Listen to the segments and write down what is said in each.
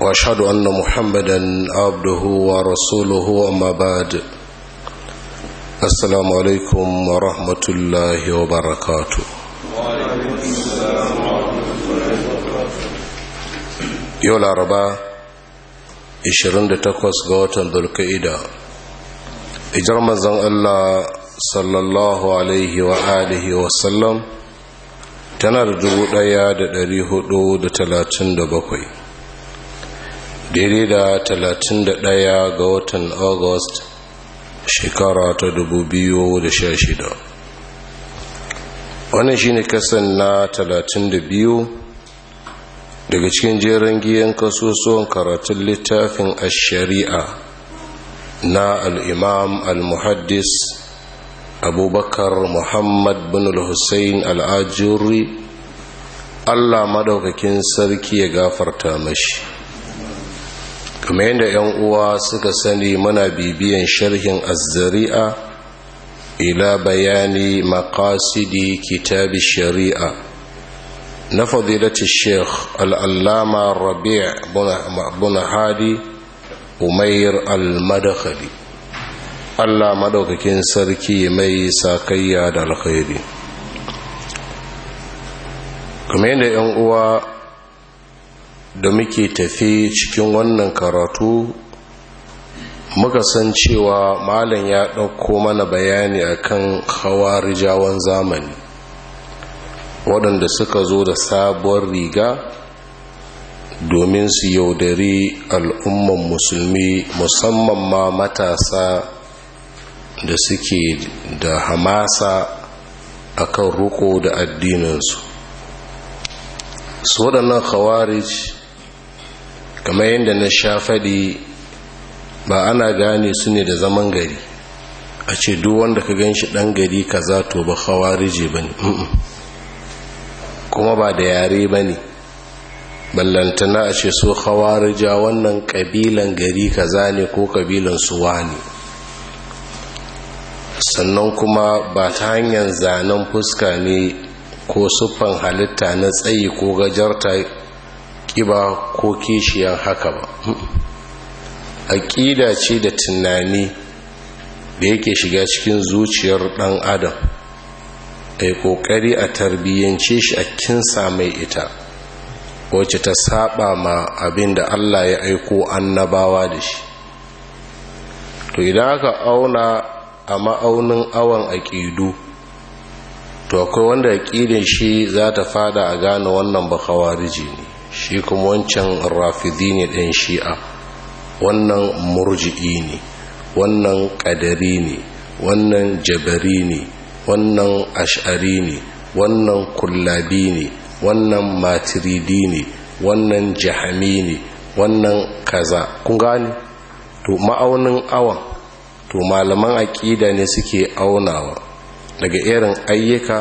واشهد ان محمدا عبده ورسوله اما بعد السلام عليكم ورحمه الله وبركاته yau laraba 28 ga watan dulka'ida ijar manzan allah sallallahu alaihi wa alihi sallam tana da 1437 daidai da 31 ga watan august shekara ta 2016 wannan shine kasan na 32 daga cikin jerin giyan kasusuwan karatun littafin ash-shari'a na al'imam al-muhaddis abubakar muhammad bin al-hussein al allah Maɗaukakin sarki ya gafarta mashi kamar yadda 'yan uwa suka sani muna bibiyan sharhin azzari'a ila bayani makasidi kitabi shari'a na fadilati sheikh al'allama rabi' Buna hadi umair al-madakhali allah madaukakin sarki mai sakayya da alkhairi kamar yadda 'yan uwa da muke tafi cikin wannan karatu muka san cewa malam ya ɗauko mana bayani akan hawarijawan zamani waɗanda suka zo da sabuwar riga domin su yaudari al'umman musulmi musamman ma matasa da suke da hamasa akan ruko da addininsu su waɗannan khawarij kamar yadda na sha faɗi ba ana gane su ne da zaman gari a ce duk wanda ka gan shi ɗan gari kaza to ba hawarije ba ne kuma ba da yare ba ne ballantana a ce so hawarija wannan kabilan gari kaza ne ko ƙabilan suwa ne sannan kuma ba ta hanyar zanen fuska ne ko siffan halitta na tsayi ko gajarta ƙiba ko kishiyar haka ba aƙida ce da tunani da yake shiga cikin zuciyar ɗan adam a yi ƙoƙari a tarbiyyance shi a kinsa mai ita wacce ta saba ma abin da allah ya aiko annabawa da shi to idan aka auna a ma'aunin awon aƙidu to akwai wanda aƙidin shi za ta fada a gane wannan bakawar ne shi kuma wancan rafidi ne ɗan shi'a wannan murji'i ne wannan ƙadari ne wannan jabari ne wannan ash'ari ne wannan kullabi ne wannan matiridi ne wannan jahami ne wannan kaza kun gani to ma'aunin awa, to malaman aƙida ne suke aunawa daga irin ayyuka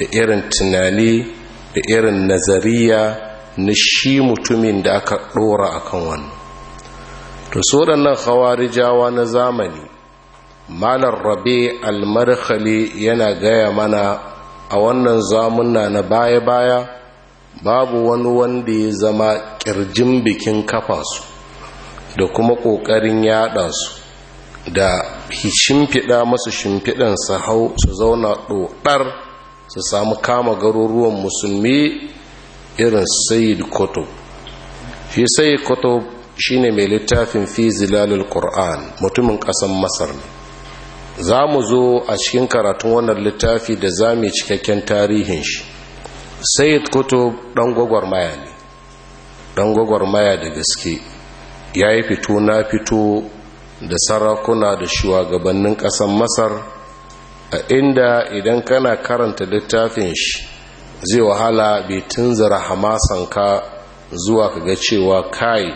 da irin tunani da irin nazariya na shi mutumin da aka ɗora a kan wannan to so waɗannan hawarijawa na zamani malar rabe almarhali yana gaya mana a wannan zamunna na baya-baya babu wani wanda ya zama ƙirjin bikin kafa da kuma ƙoƙarin yaɗa su da shimfiɗa masu shimfiɗan su hau su zauna ɗoɗar su samu kama garuruwan musulmi irin sayid kutub shi sayid kutub ne mai littafin fi zilalil qur'an mutumin ƙasan masar ne za mu zo a cikin karatun wannan littafi da za mu cikakken tarihin shi sayid kutub ɗan gwagwarmaya ne ɗan gwagwarmaya da gaske ya yi fito na fito da sarakuna da shugabannin ƙasan masar a inda idan kana karanta littafin shi zai wahala bai hamasan ka zuwa kaga cewa kai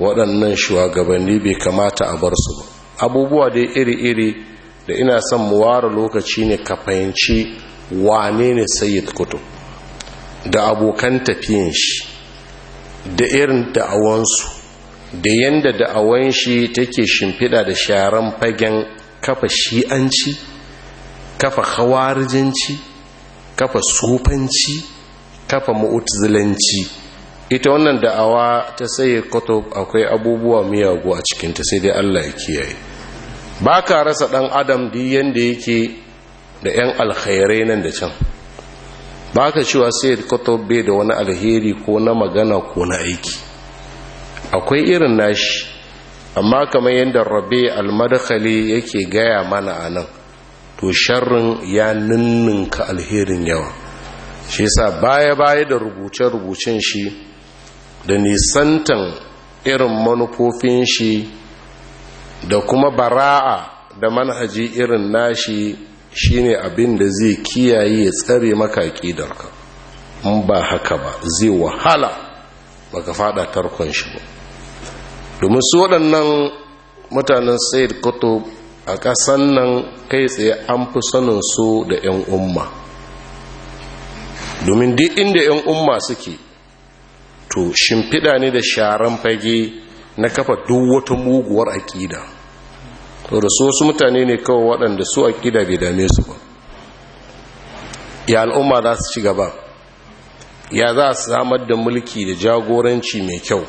waɗannan shugabanni bai kamata a bar su abubuwa dai iri-iri da ina son mu ware lokaci ne ka fahimci wane ne sayyid kutub da abokan tafiyan shi da irin da'awansu da yadda da'awan shi take shimfiɗa da sharan fagen kafa shi'anci kafa hawarijinci kafa sufanci kafa mu'tazilanci ita wannan da'awa ta sai kutub akwai abubuwa miyagu a cikinta sai dai Allah ya kiyaye ba ka rasa dan adam di yanda yake da yan alkhairai nan da can ba ka cewa sai kutub bai da wani alheri ko na magana ko na aiki akwai irin nashi amma kamar yadda rabe almadkhali yake gaya mana anan to sharrin ya ninninka alherin yawa shi sa baya-baya da rubuce-rubucen shi da nisantan irin manufofin shi da kuma bara'a da manhaji irin nashi shi ne abin da zai kiyaye ya tsare maka ƙidarka in ba haka ba zai wahala baka fada tarkon shi ba domin su waɗannan mutanen sayid kutub a ƙasan nan kai tsaye an fi sanin su da 'yan umma domin duk inda 'yan umma suke to shimfiɗa ne da sharan fage na kafa duk wata muguwar aƙida to da su wasu mutane ne kawai waɗanda su aƙida bai dame su ba ya al'umma za su ci gaba ya za su samar da mulki da jagoranci mai kyau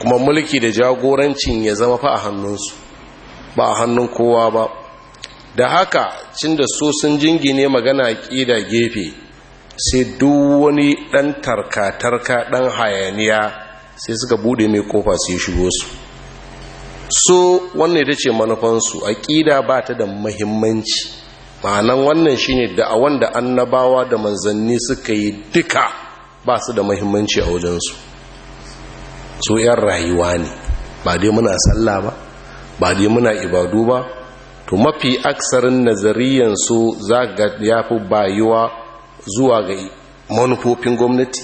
kuma mulki da jagorancin ya zama fa a hannunsu ba hannun kowa ba da haka cin da so sun jingine magana ƙida gefe sai duk wani ɗan tarka-tarka ɗan hayaniya sai suka bude mai kofa sai shigo su so wannan ita ce manufansu aƙida ba ta da mahimmanci ma'anan wannan shine da a wanda annabawa da manzanni suka yi duka ba su da mahimmanci a wajensu su 'yan rayuwa ne ba dai muna sallah ba ba dai muna ibadu ba to mafi aksarin nazariyan su za ga fi bayuwa zuwa ga manufofin gwamnati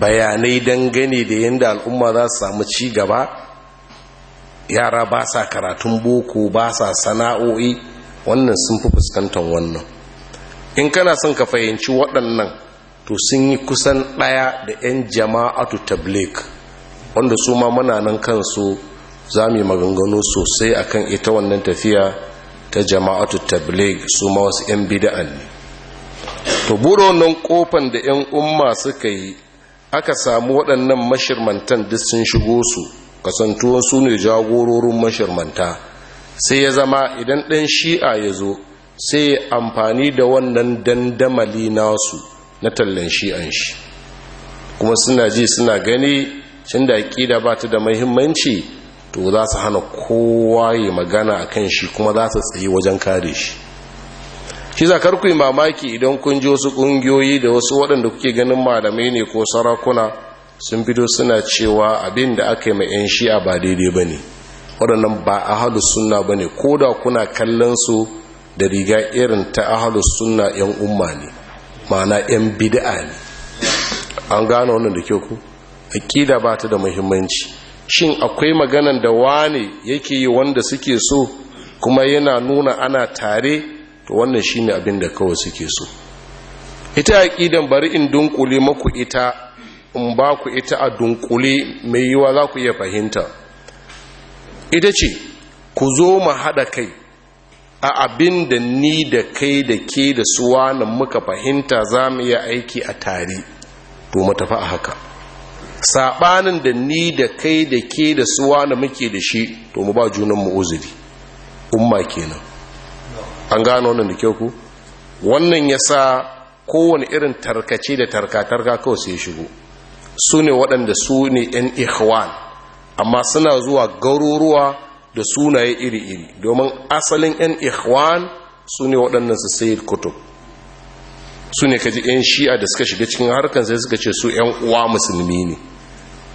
bayanai dangane da yadda al'umma za su samu ci gaba yara ba sa karatun boko ba sa sana'o'i wannan sun fi fuskantar wannan in kana son ka fahimci waɗannan to sun yi kusan ɗaya da 'yan jama'atu tablik wanda su ma muna nan kansu za mu yi maganganu sosai akan ita wannan tafiya ta jama'atu tabligh su ma wasu 'yan bida'an ne to buro nan kofan da 'yan umma suka yi aka samu waɗannan mashirmantan duk sun shigo su kasantuwan su ne jagororin mashirmanta sai ya zama idan ɗan shi'a ya zo sai ya amfani da wannan dandamali nasu na tallan shi'an shi kuma suna ji suna gani cin da aƙida ba ta da mahimmanci to za su hana kowa yi magana a kan shi kuma za su tsaye wajen kare shi shi za karku yi mamaki idan kun ji wasu ƙungiyoyi da wasu waɗanda kuke ganin malamai ne ko sarakuna sun fito suna cewa abin da aka yi ma 'yan shi'a ba daidai ba ne waɗannan ba halu suna ba ne ko da kuna kallon su da riga irin ta halu suna 'yan umma ne ma'ana 'yan bida'a ne an gano wannan da kyau ku aƙida ba ta da muhimmanci shin akwai maganan da wane yake yi wanda suke so kuma yana nuna ana tare to wannan shine abin da kawai suke so ita aqidan bari in dunkule maku ita in ba ku ita a dunkule mai yiwa za ku iya fahimta ita ce ku zo mu haɗa kai a abin da ni da kai da ke da suwanan muka fahimta za mu iya aiki a tare to mu tafi a haka saɓanin da ni da kai da ke da suwa da muke da shi to mu ba junanmu uzuri umma kenan an gano wannan da kyau ku wannan ya sa kowane irin tarkace da tarka-tarka kawai sai shigo su ne waɗanda su ne 'yan ikhwan amma suna zuwa garuruwa da sunaye iri-iri domin asalin 'yan ikhwan su ne waɗannan su sayid kutub su ne kaji 'yan shi'a da suka shiga cikin harkar sai suka ce su 'yan uwa musulmi ne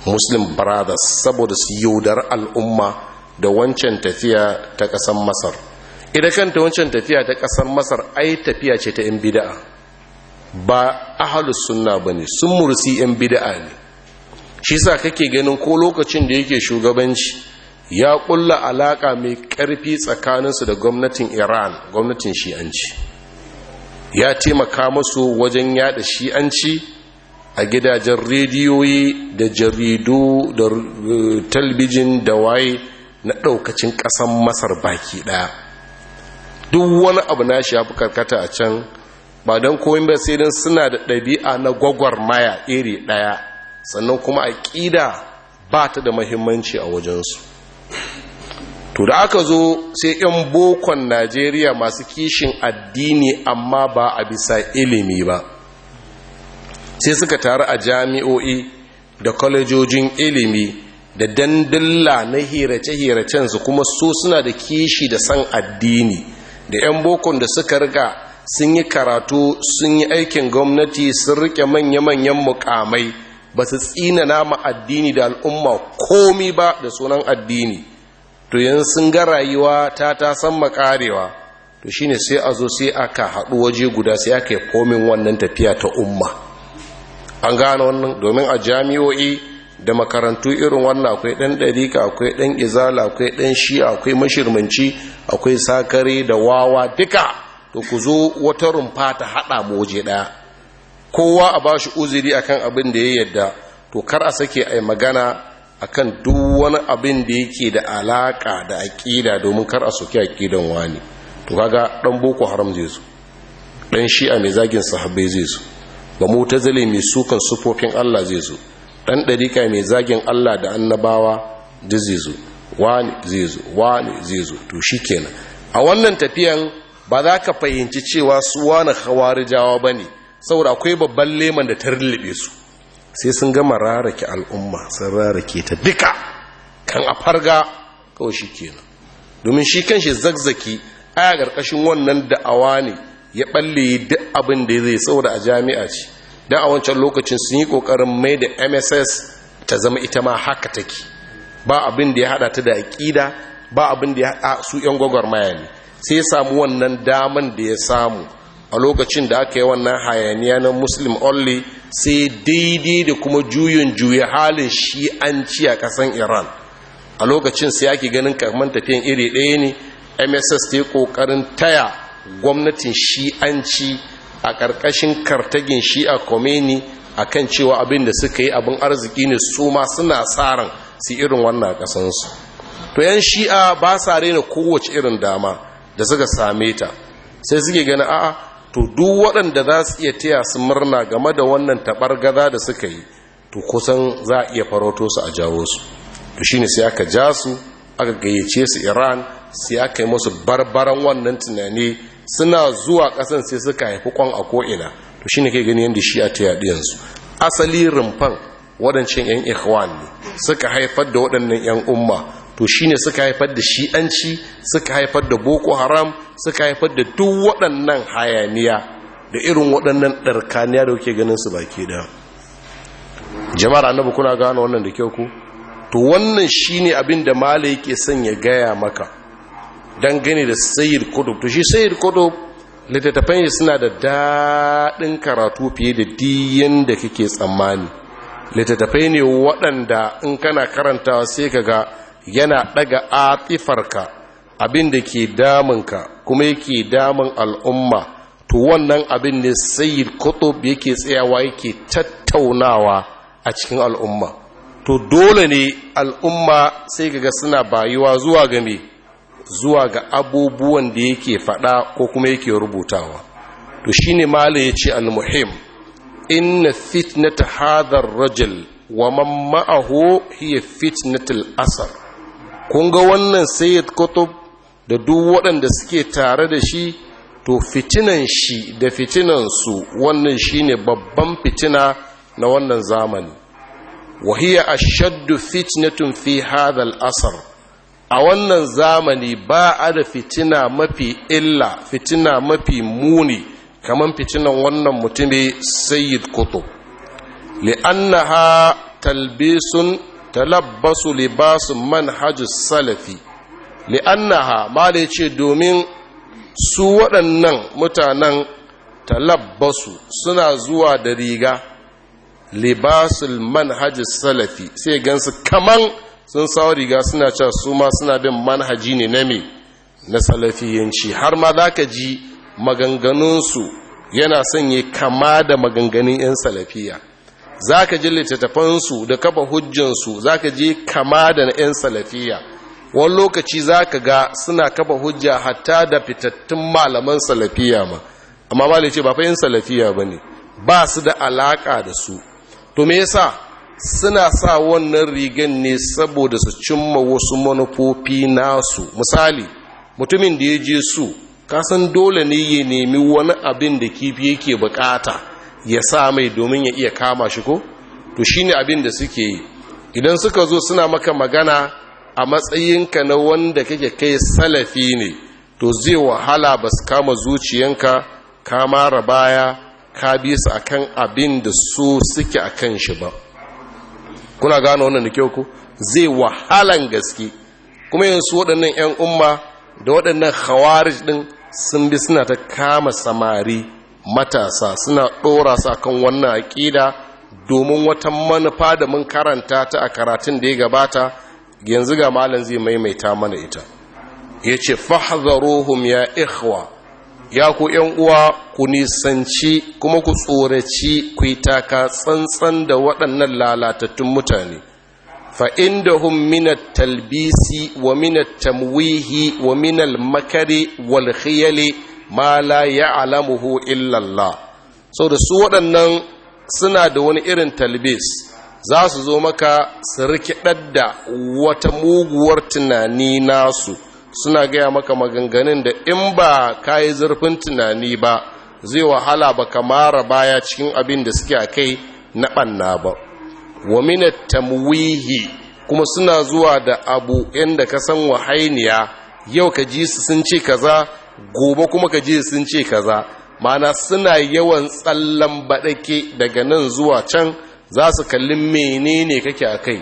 muslim brothers saboda su yaudar al'umma da wancan tafiya ta ƙasar masar ita kanta wancan tafiya ta kasar masar ai tafiya ce ta 'yan bida'a ba ahalus sunna ba ne sun mursi 'yan bida'a ne shi sa kake ganin ko lokacin da yake shugabanci ya ƙulla alaka mai karfi tsakaninsu da gwamnatin iran gwamnatin shi'anci ya taimaka masu wajen yada shi'anci a gidajen rediyoyi da jaridu da eh, talbijin da waye na ɗaukacin ƙasan masar baki ɗaya duk wani abu na shi ya fi karkata a can ba don koyin ba sai don suna da ɗabi'a na gwagwar maya iri ɗaya sannan kuma a ƙida ba ta da mahimmanci a wajensu to da aka zo sai 'yan bokon najeriya masu kishin addini amma ba a bisa ilimi ba sai suka taru a jami'o'i da kwalejojin ilimi da dandalla na hirace-hiracen su kuma so suna da kishi da san addini da 'yan bokon da suka riga sun yi karatu sun yi aikin gwamnati sun rike manya-manyan mukamai ba su tsina nama addini da al'umma komi ba da sunan addini to yan sun ga rayuwa ta ta san makarewa to shine sai a zo sai aka haɗu waje guda sai aka yi komin wannan tafiya ta umma an gane wannan domin a jami'o'i da makarantu irin wannan akwai ɗan ɗarika akwai ɗan izala akwai ɗan shi akwai mashirmanci akwai sakare da wawa duka to ku zo wata rumfa ta haɗa mu waje ɗaya kowa a ba shi uziri akan abin da ya yadda to kar a sake a magana akan duk wani abin da yake da alaka da aƙida domin kar a soki aƙidan wani to kaga dan boko haram zai zo dan shi'a mai zagin sahabbai zai zo ba mutazili mai sukan sufofin Allah zai zo ɗan ɗariƙa mai zagin Allah da annabawa zai zo wani zai zo wani zai zo to shikenan a wannan tafiyan ba za ka fahimci cewa su wani ba ne, saboda akwai babban leman da ta rillibe su sai sun gama rarake al'umma sun rarake ta duka kan a farga kawai shi kenan domin shi kan shi zagzaki a ƙarƙashin wannan da'awa ne ya ɓalle duk abin da zai saboda a jami'a ce don a wancan lokacin sun yi ƙoƙarin mai da mss ta zama ita ma haka take ba abin da ya haɗa ta da aƙida ba abin da ya haɗa su 'yan gwagwarmaya ne sai ya samu wannan daman da ya samu a lokacin da aka yi wannan hayaniya na muslim only sai daidai da kuma juyin juya halin shi'anci a kasan iran a lokacin sai ake ganin kamar tafiyan iri ɗaya ne mss ta yi ƙoƙarin taya gwamnatin shi'anci a ƙarƙashin kartagin shi'a komeni a kan cewa abin da suka yi abin arziki ne su ma suna tsarin su irin wannan ƙasansu to yan shi'a ba sa raina kowace irin dama da suka same ta sai suke gani a'a to duk waɗanda za su iya taya su murna game da wannan gaza da suka yi to kusan za a iya farauto su a jawo su to ne sai aka ja su aka gayyace su iran sai aka yi musu barbaran wannan tunani suna zuwa ƙasan sai suka haifi kwan a ko'ina to shi ne kai gani yadda shi a taya yaɗi asali rumfan waɗancan 'yan ikhwan ne suka haifar da waɗannan 'yan umma to ne suka haifar da shi'anci suka haifar da boko haram suka haifar da duk waɗannan hayaniya da irin waɗannan ɗarkaniya da kuke ganin su baki ɗaya jama'ar annabi kuna gano wannan da kyau ku to wannan shine abin da mala yake son ya gaya maka don gani da sayyid Kudu to shi sayyid Kudu, littattafan shi suna da daɗin karatu fiye da diyan da kake tsammani littattafai ne waɗanda in kana karantawa sai ka ga yana daga atifarka abin da ke damunka kuma yake damun al'umma to wannan abin ne sayyid kutub yake tsayawa yake tattaunawa a cikin al'umma to dole ne al'umma sai ga suna bayuwa zuwa ga me zuwa ga abubuwan da yake faɗa ko kuma yake rubutawa to shine malai yace al-muhim inna fitnat hadha ar-rajul wa man ma'ahu hiya fitnatul asr kun ga wannan sayyid kutub da duk waɗanda suke tare da shi to fitinan shi da fitinan su wannan shine babban fitina na wannan zamani wahiya ashaddu fitnatun fi hadha al-asr a wannan zamani ba a da fitina mafi illa fitina mafi muni kamar fitinan wannan mutumin sayyid kutub li'annaha talbisun talabbasu libasu manhajus salafi li'annaha mala ce domin su waɗannan mutanen talabbasu suna zuwa da riga libasul manhajis salafi sai gansu kaman sun sawa riga suna cewa su ma suna bin manhaji ne na me na salafiyanci har ma za ka ji maganganunsu yana sanye kama da maganganun 'yan salafiya za ka ji littattafansu da kafa hujjansu za ka ji kama da na 'yan salafiya wani lokaci za ka ga suna kafa hujja hatta da fitattun malaman salafiya ma amma ba ce ba fa 'yan salafiya ba ne ba su da alaƙa da su to me yasa suna sa wannan rigan ne saboda su cimma wasu manufofi nasu misali mutumin da ya je su kasan dole ne ya nemi wani abin da kifi yake bukata ya sa mai domin ya iya kama shi ko to shine abin da suke yi idan suka zo suna maka magana a matsayinka na wanda kake kai salafi ne to zai wahala ba su kama zuciyanka ka mara baya ka bi su akan abin da su suke akan shi ba kuna gano wannan da kyau ku zai wahalan gaske kuma yanzu waɗannan 'yan umma da waɗannan khawarij ɗin sun bi suna ta kama samari matasa suna ɗora su kan wannan aƙida domin wata manufa da mun karanta ta a karatun da ya gabata yanzu ga malam zai maimaita mana ita ya ce fahzaruhum ya ikhwa ya ku ‘yan uwa ku nisanci kuma ku tsoraci ku yi taka tsantsan da waɗannan lalatattun mutane Fa talbisi wa mina tamwihi wa ومن makare والخيل ma la ya'lamuhu illa Allah da su waɗannan suna da wani irin talbis za su zo maka su rikidar da wata muguwar tunani nasu suna gaya maka maganganun da in ba ka yi zurfin tunani ba zai wahala ba ka mara baya cikin abin da suke a kai na ɓanna ba wa tamwihi kuma suna zuwa da abu inda ka san wahainiya yau ka ji su sun ce kaza gobe kuma ka je sun ce kaza mana suna yawan tsallan baɗake daga nan zuwa can za su kalli menene kake a kai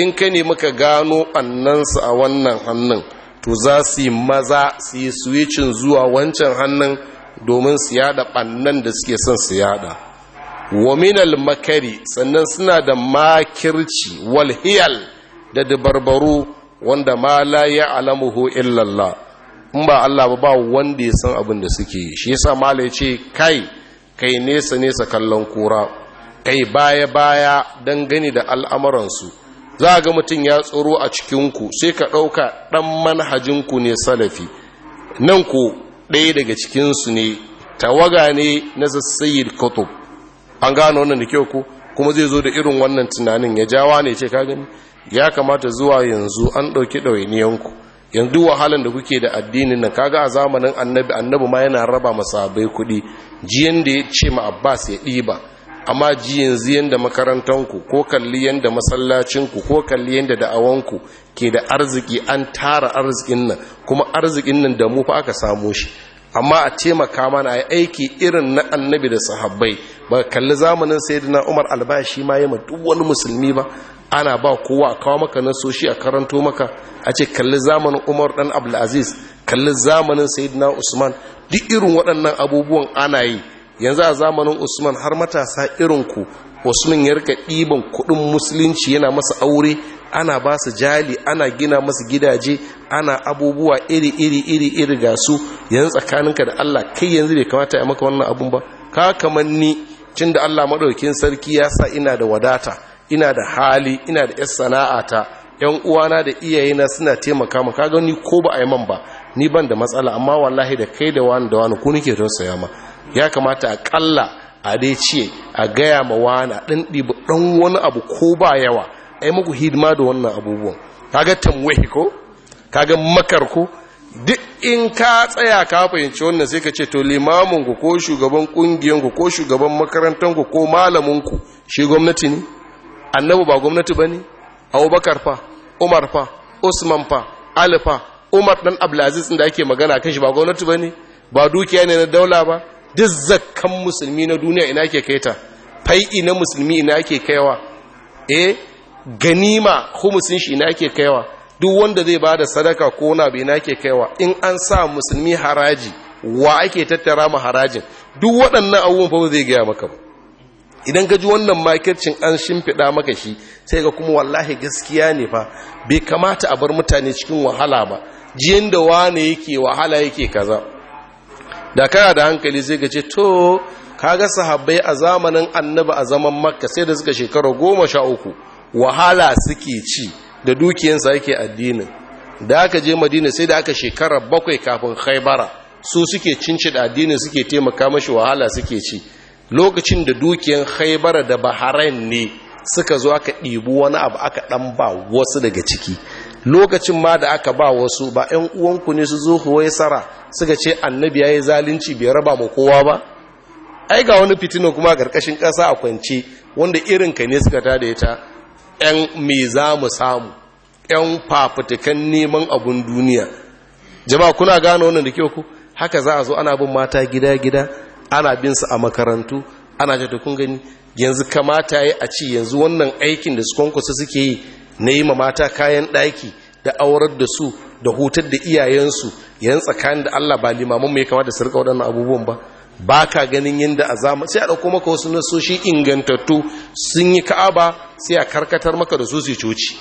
in ka ne muka gano annansu a wannan hannun to za su yi maza su yi switchin zuwa wancan hannun domin su yada ɓannan da suke son su yada waminal makari sannan suna da makirci walhiyal da dabarbaru wanda ma la ya alamuhu illallah in ba Allah ba ba wanda ya san abin da suke yi shi yasa malai ce kai kai nesa nesa kallon kura kai baya baya dan gani da al'amuransu za a ga mutum ya tsoro a cikinku sai ka ɗauka ɗan manhajinku ne salafi nan ku ɗaya daga cikinsu ne tawaga ne na sassayid kutub an gano wannan da kyau ku kuma zai zo da irin wannan tunanin ya jawa ne ce ka gani ya kamata zuwa yanzu an ɗauki ɗawainiyanku yanzu wahalan da kuke da addinin nan kaga a zamanin annabi annabi ma yana raba masabai kuɗi jiyan da ya ce ma abbas ya ɗiba amma ji yanzu yanda makarantanku ko kalli yanda masallacinku ko kalli yanda da'awanku ke da arziki an tara arzikin nan kuma arzikin nan da mu fa aka samo shi amma a taimaka mana a aiki irin na annabi da sahabbai ba kalli zamanin sayyidina umar albashi ma yama duk wani musulmi ba ana ba kowa a kawo maka nasoshi a karanto maka a ce kalli zamanin umar dan abdulaziz kalli zamanin sayyidina usman duk irin waɗannan abubuwan ana yi yanzu a zamanin usman har matasa irin ku usman ya rika ɗiban kuɗin musulunci yana masa aure ana ba su jali ana gina masu gidaje ana abubuwa iri iri iri iri ga su yanzu tsakaninka da allah kai yanzu bai kamata ya maka wannan abun ba ka kamar ni tun da allah maɗaukin sarki ya sa ina da wadata ina da hali ina da yar ta. yan uwana da iyayena suna taimaka ma kaga ni ko ba a yi man ba ni ban da matsala amma wallahi da kai da wani da wani ku nake saya ma ya kamata a kalla a dai ce a gaya ma wani dan ɗibi dan wani abu ko ba yawa ai muku hidima da wannan abubuwan kaga tamwahi ko kaga makar ko duk in ka tsaya ka fahimci wannan sai ka ce to limamin ko shugaban kungiyan ko shugaban makarantarku, ko malamin ku shi gwamnati ne Annabu ba gwamnati ba ne abubakar fa umar fa usman fa ali umar dan abulaziz da ake magana kan shi ba gwamnati ba ne ba dukiya ne na daula ba duk zakkan musulmi na duniya ina ke kai ta fai'i na musulmi ina ke kaiwa E, ganima humusin shi ina ke kaiwa duk wanda zai ba da sadaka ko na bai na ke kaiwa in an sa musulmi haraji wa ake tattara ma harajin duk waɗannan abubuwan fa zai gaya maka ba idan ka ji wannan makircin an shimfiɗa maka shi sai ga kuma wallahi gaskiya ne fa bai kamata a bar mutane cikin wahala ba jiyan da wane yake wahala yake kaza da kaya da hankali zai gace to to kaga sahabbai a zamanin annabi a zaman makka sai da suka shekara goma sha uku wahala suke ci da dukiyansa yake addinin da aka je madina sai da aka shekara bakwai kafin haibara, su suke cinci da addinin suke taimaka mashi wahala suke ci lokacin da dukiyar haibara da baharain ne suka zo aka ɗibu wani abu aka ɗan ba wasu daga ciki lokacin ma da aka ba wasu ba 'yan uwanku ne su zo huwai sara suka ce annabi ya yi zalunci bai raba ma kowa ba ai ga wani fitina kuma a ƙarƙashin ƙasa a kwance wanda irin ka ne suka tada ita 'yan mai za mu samu 'yan fafutukan neman abun duniya jama'a kuna gano wannan da kyau ku haka za a zo ana bin mata gida-gida ana bin su a makarantu ana jata kun gani yanzu kamata ya a ci, yanzu wannan aikin da su kwankwasa suke yi na yi ma mata kayan ɗaki da aurar da su da hutar da iyayensu yan tsakanin da Allah ba limaman mai kamata su rika waɗannan abubuwan ba ba ka ganin yadda a zama sai a ɗauko maka wasu nasoshi ingantattu sun yi ka'aba sai a karkatar maka da su su coci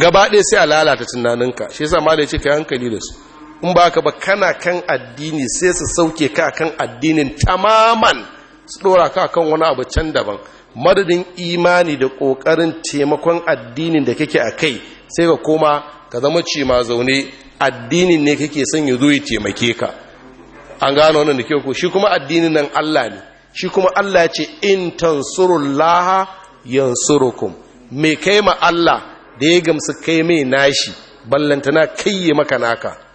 gaba ɗaya sai a lalata tunaninka shi yasa ma da ya ce ka hankali da su in ba ka ba kana kan addini sai su sauke ka kan addinin tamaman su dora ka kan wani abu can daban madadin imani da ƙoƙarin taimakon addinin da kake a kai sai ka koma ka zama ce ma zaune addinin ne kake son ya zo ya taimake ka an gano wannan da ke ku shi kuma addinin nan Allah ne shi kuma Allah ya ce in laha, yansurukun. me kai ma Allah da ya gamsu kai mai nashi ballantana kai maka naka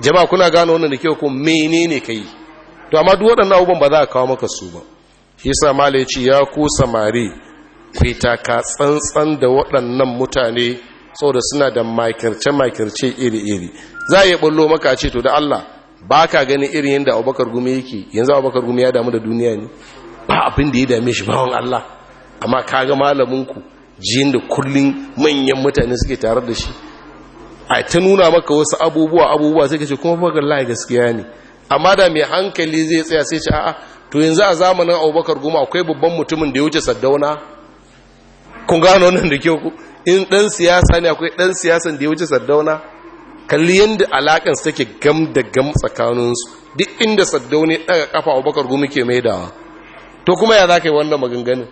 jama'a kuna gano wannan da kyau ko menene kai to amma duk waɗannan abubuwan ba za a kawo maka su ba shi yasa malai ce ya ku samari fita ka tsantsan da waɗannan mutane saboda suna da makirce makirce iri iri za a iya bullo maka ce to da Allah ba ka gani irin yadda Abubakar Gumi yake yanzu Abubakar Gumi ya damu da duniya ne ba abin da ya dame shi bawon Allah amma kaga malamin ku jiyin da kullun manyan mutane suke tare da shi a ta nuna maka wasu abubuwa abubuwa sai ka ce kuma fagar lahi gaskiya ne amma da mai hankali zai tsaya sai ce a'a to yanzu a zamanin abubakar goma akwai babban mutumin da ya wuce saddauna kun gano nan da ke ku in dan siyasa ne akwai dan siyasan da ya wuce saddauna kalli yadda alakan su take gam da gam tsakaninsu duk inda Saddauni ɗaga daga kafa abubakar goma ke maidawa to kuma ya za ka yi wannan maganganin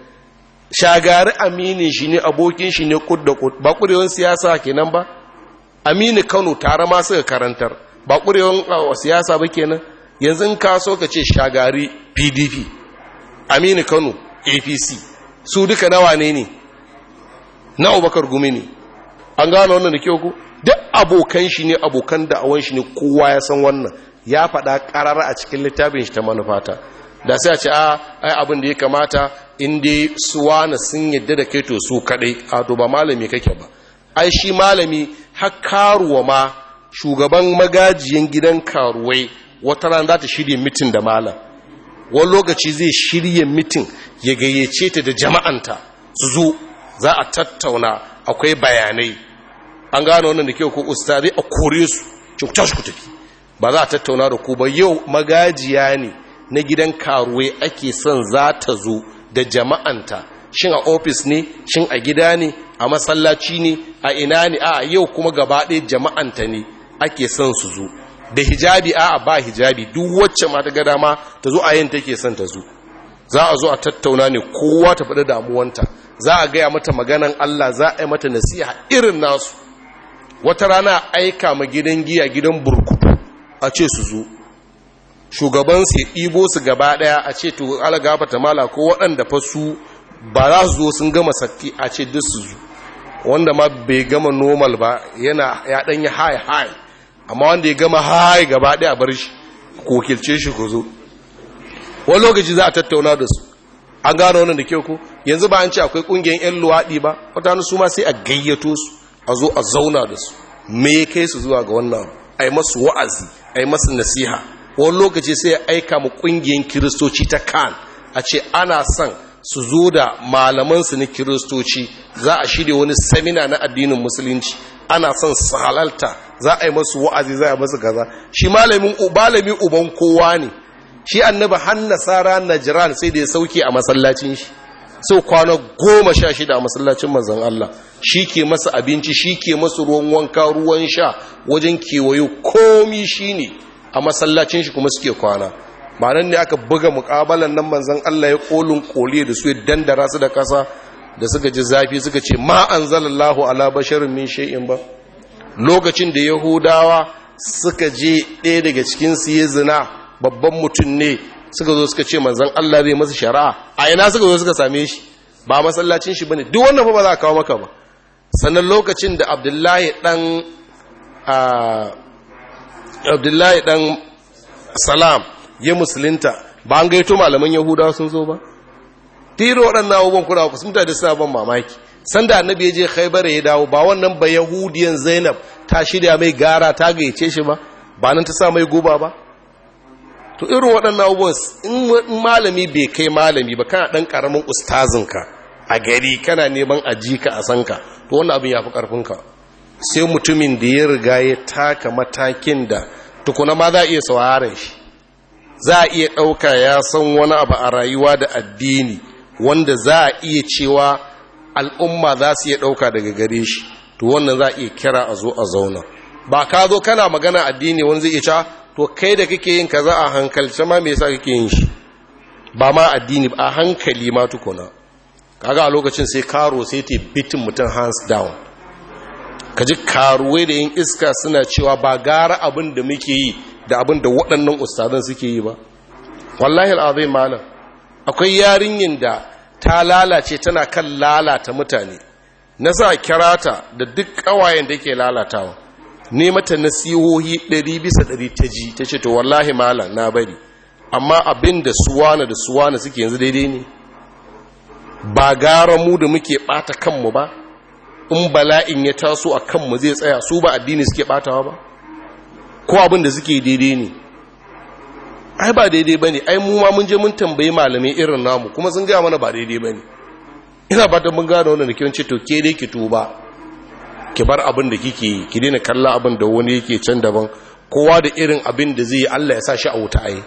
shagari aminin shi ne abokin shi ne kud da kud ba kudewan siyasa kenan ba aminu kano tare ma suka karantar ba ƙurewar siyasa ba kenan yanzu in ka so ka ce shagari pdp aminu kano apc su duka nawa ne ne na abubakar gumi ne an gano wannan da kyau ku duk abokan shi ne abokan awon shi ne kowa ya san wannan ya faɗa ƙarara a cikin littafin shi ta manufata da sai a ce a ah, ai abin da ya kamata in dai suwana sun yadda da kai to su kaɗai a to ba malami kake ba ai shi malami har karuwa ma shugaban magajiyan gidan karuwai wata rana za ta shirya mitin da malam wani lokaci zai shirya mitin ya gayyace ta da jama'anta su zo za a tattauna akwai bayanai an gano wannan da kyau ko ustazi a kore su cikin shi ku ba za a tattauna da ku ba yau magajiya ne na gidan karuwai ake son za ta zo da jama'anta shin a ofis ne shin a gida ne a masallaci ne a ina ne a yau kuma gaba jama'anta ne ake son su zo da hijabi a ba hijabi duk wacce mata ga dama ta zo a yin take son ta zo za a zo a tattauna ne kowa ta faɗi damuwanta za a gaya mata maganan Allah za a yi mata nasiha irin nasu wata rana aika ma gidan giya gidan burkutu a ce su zo shugaban su ɗibo su gaba ɗaya a ce to ala ta mala ko waɗanda fa su ba za su zo sun gama sakki a ce duk su zo wanda ma bai gama normal ba yana ya danyi high high amma wanda ya gama high gaba daya bar shi kokilce shi ku zo wani lokaci za a tattauna da su an gano wannan da ke ku. yanzu ba an ce akwai kungiyar yan luwaɗi ba wata su ma sai a gayyato su a zo a zauna da su me ya kai su zuwa ga wannan a yi masu wa'azi a yi masu nasiha wani lokaci sai ya aika mu kungiyar kiristoci ta kan a ce ana san su zo da malamansu na kiristoci za a shirya wani samina na addinin musulunci ana son su halalta za a yi masu wa'azi za a yi masu gaza shi malamin malami uban kowa ne shi annaba har nasara najran sai da ya sauke a masallacin shi sau kwana goma sha shida a masallacin manzan Allah shi ke masa abinci shi ke masa ruwan wanka ruwan sha wajen kewayo komi shine a masallacin shi kuma suke kwana ba nan ne aka buga mukabalan nan manzan Allah ya kolin koli da su dandara su da kasa da suka ji zafi suka ce ma anzalallahu ala basharin min shay'in ba lokacin da yahudawa suka je ɗaya daga cikin su yi zina babban mutum ne suka zo suka ce manzan Allah zai masa shari'a a ina suka zo suka same shi ba masallacin shi bane duk wannan fa ba za a kawo maka ba sannan lokacin da Abdullahi dan Abdullahi dan Salam ya musulunta ba an gaito malaman yahudawa sun zo ba tiro waɗannan abubuwan kuna ku sun da suna ban mamaki sanda annabi ya je khaibar ya dawo ba wannan ba yahudiyan zainab ta shirya mai gara ta gayyace shi ba ba nan ta sa mai guba ba to irin waɗannan abubuwan in malami bai kai malami ba kana ɗan ƙaramin ustazinka a gari kana neman ka a sanka to wannan abin ya fi ƙarfinka sai mutumin da ya riga ya taka matakin da tukuna ma za a iya sauraron shi za a iya ɗauka ya san wani abu a rayuwa da addini wanda za a iya cewa al'umma za su iya ɗauka daga gare shi to wannan za a iya kira a zo a zauna ba ka zo kana magana addini wani zai iya ca to kai da kake yin kaza a hankali, ma me yasa kake yin shi ba ma addini ba a hankali ma tukuna kaga a lokacin sai karo sai ta bitin mutum hands down ka ji karuwai da yin iska suna cewa ba gara abin da muke yi da abin da waɗannan ustazan suke yi ba wallahi al'azim malam akwai yarinyin da ta lalace tana kan lalata mutane na sa kira ta da duk ƙawayen da ke lalatawa ne mata nasihohi ɗari bisa ɗari ta ji ta ce to wallahi malam na bari amma abin da suwana da suwana suke yanzu daidai ne ba gara mu da muke bata kanmu ba in bala'in ya taso a kanmu zai tsaya su ba addini suke ɓatawa ba ko abin da suke daidai ne ai ba daidai ba ne ai mu ma mun je mun tambayi malamai irin namu kuma sun gaya mana ba daidai ba ina fatan mun gane wannan da kiran ce to ke dai ki tuba ki bar abin da kike yi ki daina kalla abin da wani yake can daban kowa da irin abin da zai Allah ya sa shi a wuta ai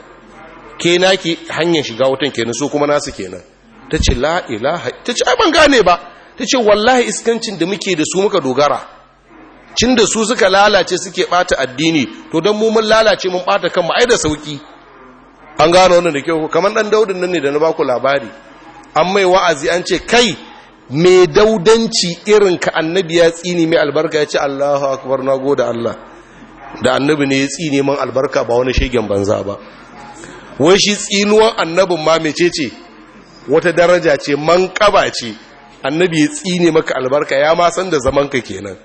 ke naki hanyar shiga wutan kenan su kuma nasu kenan tace la ilaha tace ai ban gane ba tace wallahi iskancin da muke da su muka dogara cin da su suka lalace suke bata addini to don mu mun lalace mun bata kanmu ai da sauki an gano wannan da kyau kamar dan daudin nan ne da na baku labari an mai wa'azi an ce kai mai daudanci irin ka annabi ya tsini mai albarka ya ce Allahu akbar na gode Allah da annabi ne ya tsini man albarka ba wani shegen banza ba wai shi tsinuwan annabin ma ce, wata daraja ce man kaba ce annabi ya tsine maka albarka ya ma san da zaman ka kenan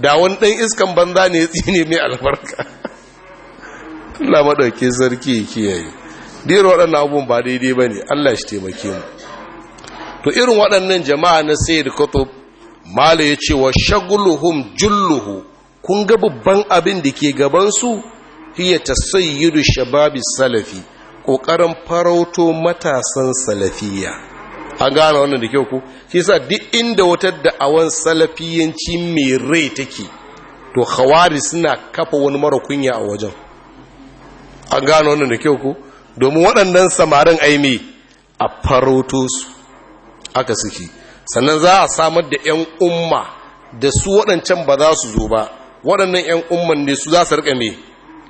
da wani ɗan iskan banza ne ya tsine mai albarka Allah maɗauke sarki ya kiyaye dira waɗannan abubuwan ba daidai ba ne Allah shi taimake mu to irin waɗannan jama'a na sayyid kutub mala ya ce wa shaguluhum julluhu kun ga babban abin da ke gabansu hiya tasayyidu shababi salafi ƙoƙarin farauto matasan salafiya an gane wannan da kyau ku shi sa duk inda wata da'awan salafiyanci mai rai take to khawari suna kafa wani mara kunya a wajen an gane wannan da kyau ku domin waɗannan samarin aimi a faroto su aka suke sannan za a samar da 'yan umma da su waɗancan ba za su zo ba waɗannan 'yan umman ne su za su riƙa mai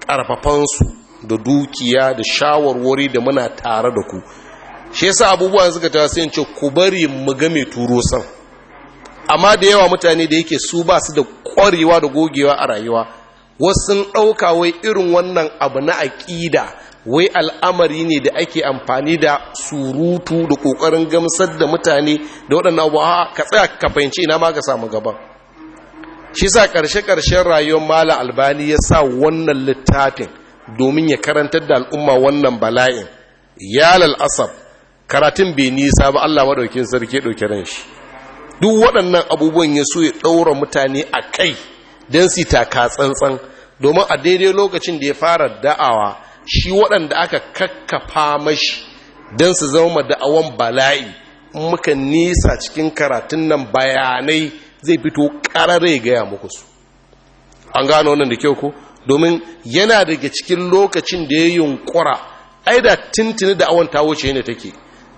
ƙarfafansu da dukiya da shawarwari da muna tare da ku shi yasa abubuwa suka ta sai ce ku bari mu ga mai turo san amma da yawa mutane da yake su ba su da ƙwarewa da gogewa a rayuwa wasu sun ɗauka wai irin wannan abu na aƙida wai al'amari ne da ake amfani da surutu da ƙoƙarin gamsar da mutane da waɗannan abu ka tsaya ka fahimci ina ma ka samu gaban shi sa ƙarshe-ƙarshen rayuwar mala albani ya sa wannan littafin domin ya karantar da al'umma wannan bala'in yalal asab. karatun bai nisa ba Allah maɗaukin sarki ɗauke ran shi duk waɗannan abubuwan ya so ya ɗaura mutane a kai don su taka tsantsan domin a daidai lokacin da ya fara da'awa shi waɗanda aka kakkafa mashi don su zama da'awan bala'i muka nisa cikin karatun nan bayanai zai fito ƙarare gaya muku su an gano nan da kyau ko domin yana daga cikin lokacin da ya yunkura ai da tintini da awon ta wuce ne take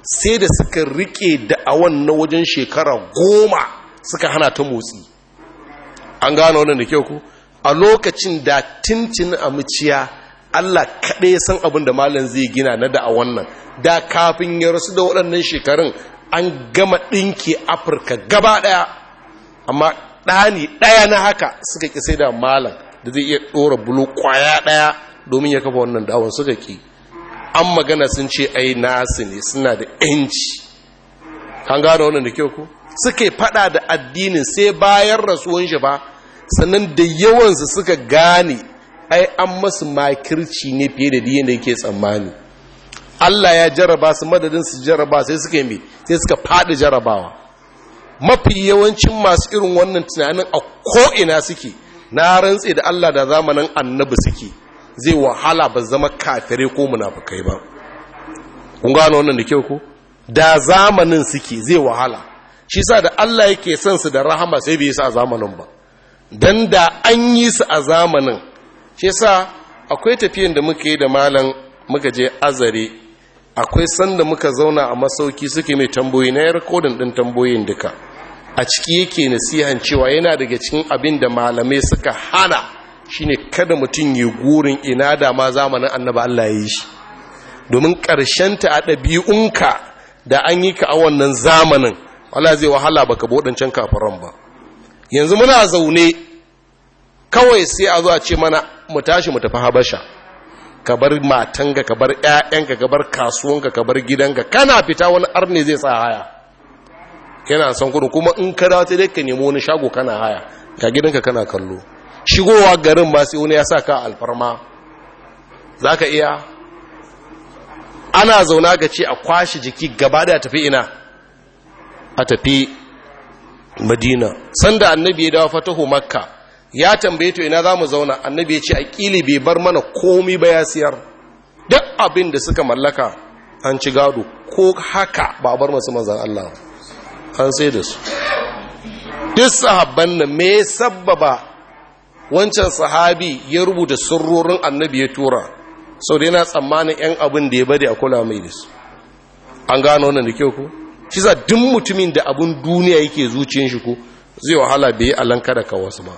sai da suka rike da'awan na wajen shekara goma suka hana ta motsi an gano wannan da kyau ku a lokacin da tintin a allah kaɗai ya san abin da malam zai gina na da'awan nan da kafin ya rasu da waɗannan shekarun an gama ɗinki afirka gaba ɗaya amma ɗani ɗaya na haka suka ƙi sai da malam da zai iya ɗora bulu ƙwaya ɗaya domin ya kafa wannan dawon suka ƙi an magana sun ce ai nasu ne suna da yanci an gano wannan da kyau ku suke fada da addinin sai bayan rasuwan shi ba sannan da yawansu suka gane ai an masu makirci ne fiye da diyan da yake tsammani Allah ya jaraba su madadin su jaraba sai suka yi sai suka fada jarabawa mafi yawancin masu irin wannan tunanin a ko'ina suke na rantse da Allah da zamanin annabi suke zai wahala ba zama kafirai ko munafukai ba kun gano wannan da kyau ko da zamanin suke zai wahala shi sa da Allah yake son su da rahama sai bai yi su a zamanin ba dan da an yi su a zamanin shi sa akwai tafiyan da muka yi da malam muka je azare akwai sanda muka zauna a masauki suke mai tamboyi na rikodin din tamboyin duka a ciki yake nasihan cewa yana daga cikin abin da malamai suka hana shine kada mutum yi gurin ina da ma zamanin annaba Allah ya yi shi domin ta a ɗabi'unka da an yi ka a wannan zamanin wala zai wahala ba baka buɗancen kafaran ba yanzu muna zaune kawai sai a zo a ce mana mu tashi mu tafi habasha ka bar matanka ka bar ƴaƴanka ka bar kasuwanka ka bar gidanka kana fita wani arne zai sa haya yana son kudu kuma in ka dawo sai dai ka nemo wani shago kana haya ga gidanka kana kallo shigowa garin ma sai wani ya sa ka alfarma za ka iya ana zauna ga ce a kwashe jiki gaba da tafi ina a tafi madina sanda annabi ya dawa fatahu makka ya tambaye to ina za mu zauna annabi ya ce a ƙili bai bar mana komi ba ya siyar duk abin da suka mallaka an ci gado ko haka ba bar masu manzan Allah an sai da su duk sahabban nan me sabbaba wancan sahabi ya rubuta sirrorin annabi ya tura sau da yana tsammanin 'yan abin da ya bade a kula mai su an gano wannan da kyau ku shi za duk mutumin da abin duniya yake zuciyar shi ku zai wahala bai alanka da ka wasu ba